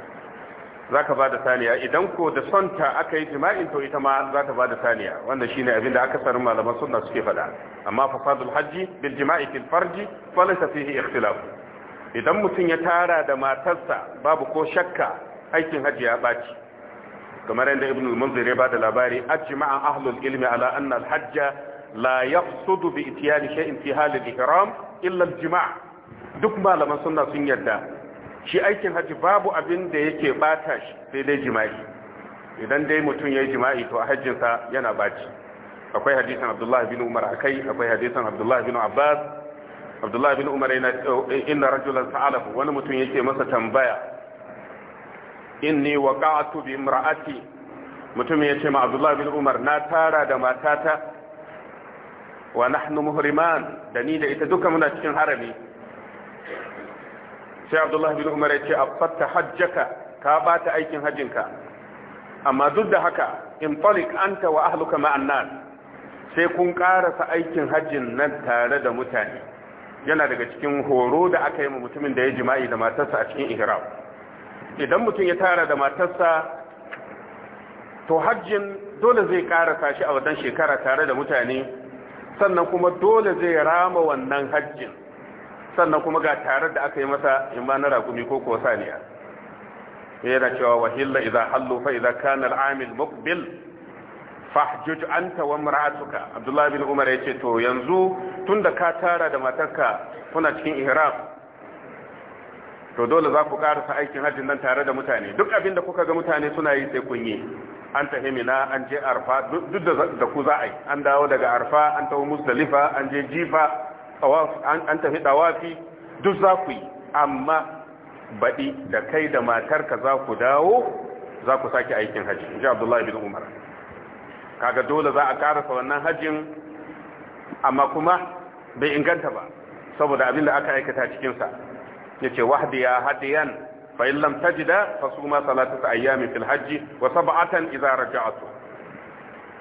za ka ba da saniya idan ko da son ta aka yi jima'in to ita ma za ta ba da saniya wanda shine abin da aka sarin malaman sunna suke faɗa amma fasadul hajji bil jima'i fil farji falaysa fihi ikhtilaf idan mutum ya tara da matarsa babu ko shakka aikin hajji ya baci kamar yadda ibn al-munzir ya bada labari ajma'a ahlul ilmi ala anna al-hajja la yaqsudu bi itiyani shay'in fi hal al-ihram illa al-jima' duk malaman sunna sun yarda shi aikin haji babu abin da yake bata shi sai dai jima'i idan dai mutum ya yi jima'i to a hajjinsa yana baci akwai hadisan abdullahi bin umar akai akwai hadisan abdullahi bin abbas abdullahi bin umar yana oh, eh, inna rajulan sa'alahu wani mutum yake masa tambaya inni waqa'tu bi imra'ati mutum ya ce ma abdullahi bin umar na tara da matata wa nahnu muhriman da ni da ita duka muna cikin harami sai abdullahi bin umar ya ce a fata hajjaka ka bata aikin hajjinka amma duk da haka in an anta wa ahluka ma sai kun karasa aikin hajjin nan tare da mutane yana daga cikin horo da aka yi ma mutumin da ya jima'i da matarsa a cikin ihram idan mutum ya tara da matarsa to hajjin dole zai karasa shi a wannan shekara tare da mutane sannan kuma dole zai rama wannan hajjin sannan kuma ga tarar da aka yi masa in ma na ko kuwa saniya yana cewa wahilla idza hallu fa idza kana al-amil muqbil fahjuj anta wa imra'atuka abdullahi bin umar yace to yanzu tunda ka tara da matarka kuna cikin ihram to dole za ku karasa aikin hajjin nan tare da mutane duk abinda kuka ga mutane suna yi sai kun yi an tafi an je arfa duk da ku za a yi an dawo daga arfa an taho musdalifa an je jifa an tafi dawafi duk za ku yi amma baɗi da kai da matarka za ku dawo za ku sake aikin hajji in ji abdullahi bin umar kaga dole za a karasa wannan hajjin amma kuma bai inganta ba saboda abin da aka aikata cikinsa ya ce wahdiya hadiyan fa in lam tajida fa suma salatu ayyamin fil hajji wa sab'atan idza raja'tu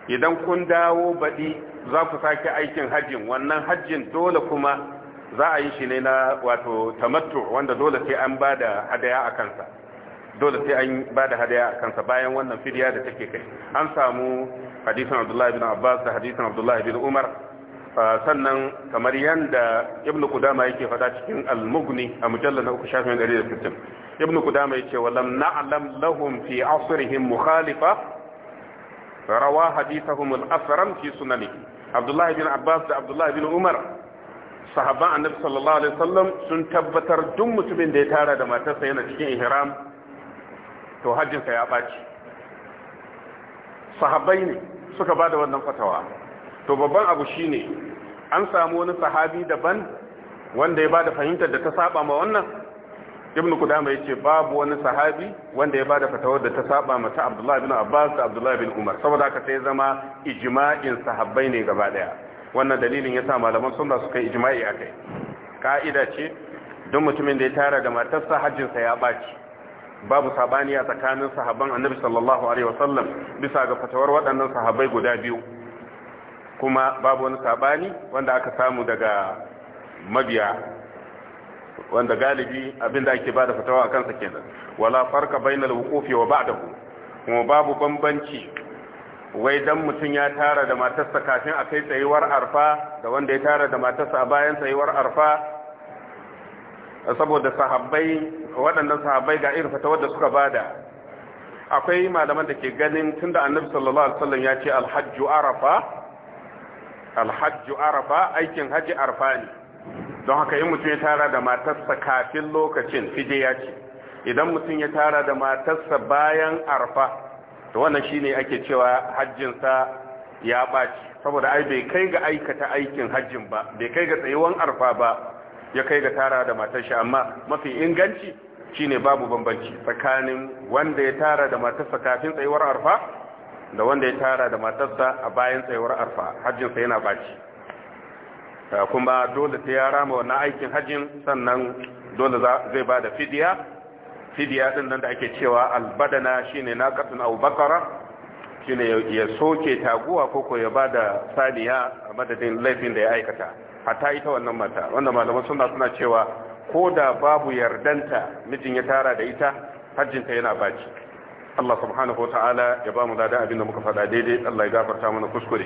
idan kun dawo baɗi za ku sake aikin hajjin wannan hajjin dole kuma za a yi shi ne na wato tamattu wanda dole sai an ba da hadaya a kansa dole sai an ba da hadaya a kansa bayan wannan fidiya da take kai an samu hadisin abdullahi bin abbas da hadisin abdullahi bin umar ah, sannan kamar yadda ibnu kudama yake fada cikin al-mughni a mujallar na uku shafin 160 ibnu kudama cewa walam na'lam lahum fi asrihim mukhalifa rawa hadithahum al-afram fi sunani abdullah bin abbas da abdullah bin umar sahabban annabi sallallahu alaihi wasallam sun tabbatar duk mutumin da ya tara da matarsa yana cikin ihram to hajjinsa ya baci sahabbai ne suka bada wannan fatawa to babban abu shine an sami wani sahabi daban wanda ya bada fahimtar da ta saba ma wannan ibn kudama yace babu wani sahabi wanda ya bada fatawar da ta saba mata abdullahi bin abbas da abdullahi bin umar saboda haka sai zama ijma'in sahabbai ne gaba daya wannan dalilin ya sa malaman sunna suka yi ijma'i akai ka'ida ce don mutumin da ya tara da matarsa hajjinsa ya baci babu sabani a tsakanin sahabban annabi sallallahu alaihi wasallam bisa ga fatawar waɗannan sahabbai guda biyu kuma babu wani sabani wanda aka samu daga mabiya wanda galibi abinda ake bada fatawa a kansa kenan wala farka bainal wuqufi wa ba'dahu kuma babu bambanci wai dan mutum ya tara da matarsa kafin a kai tsayuwar arfa da wanda ya tara da matarsa a bayan tsayuwar arfa saboda sahabbai waɗannan sahabbai ga irin fatawar da suka bada akwai malaman da ke ganin tunda annabi sallallahu alaihi wasallam ya ce alhajju arafa alhajju arafa aikin haji arfa ne don haka in mutum ya tara da matarsa kafin lokacin ya ce idan mutum ya tara da matarsa bayan arfa to wannan shine ake cewa hajjinsa ya ɓaci saboda ai bai kai ga aikata aikin hajjin ba bai kai ga tsayuwan arfa ba ya kai ga tara da matarsa amma mafi inganci shine babu bambanci tsakanin wanda ya tara da matarsa kafin tsayuwar arfa da wanda ya tara da matarsa a bayan tsayuwar arfa hajjinsa yana ɓaci kuma dole ta ya rama wannan aikin hajjin sannan dole zai ba da fidiya fidiya din nan da ake cewa albadana shine naqatun aw bakara shine ya soke taguwa koko ya ba da saniya a madadin laifin da ya aikata hatta ita wannan mata wanda malaman suna suna cewa ko da babu yardanta mijin ya tara da ita hajjinta yana baci Allah subhanahu wa ta'ala ya ba mu ladan abin da muka faɗa daidai Allah ya gafarta mana kuskure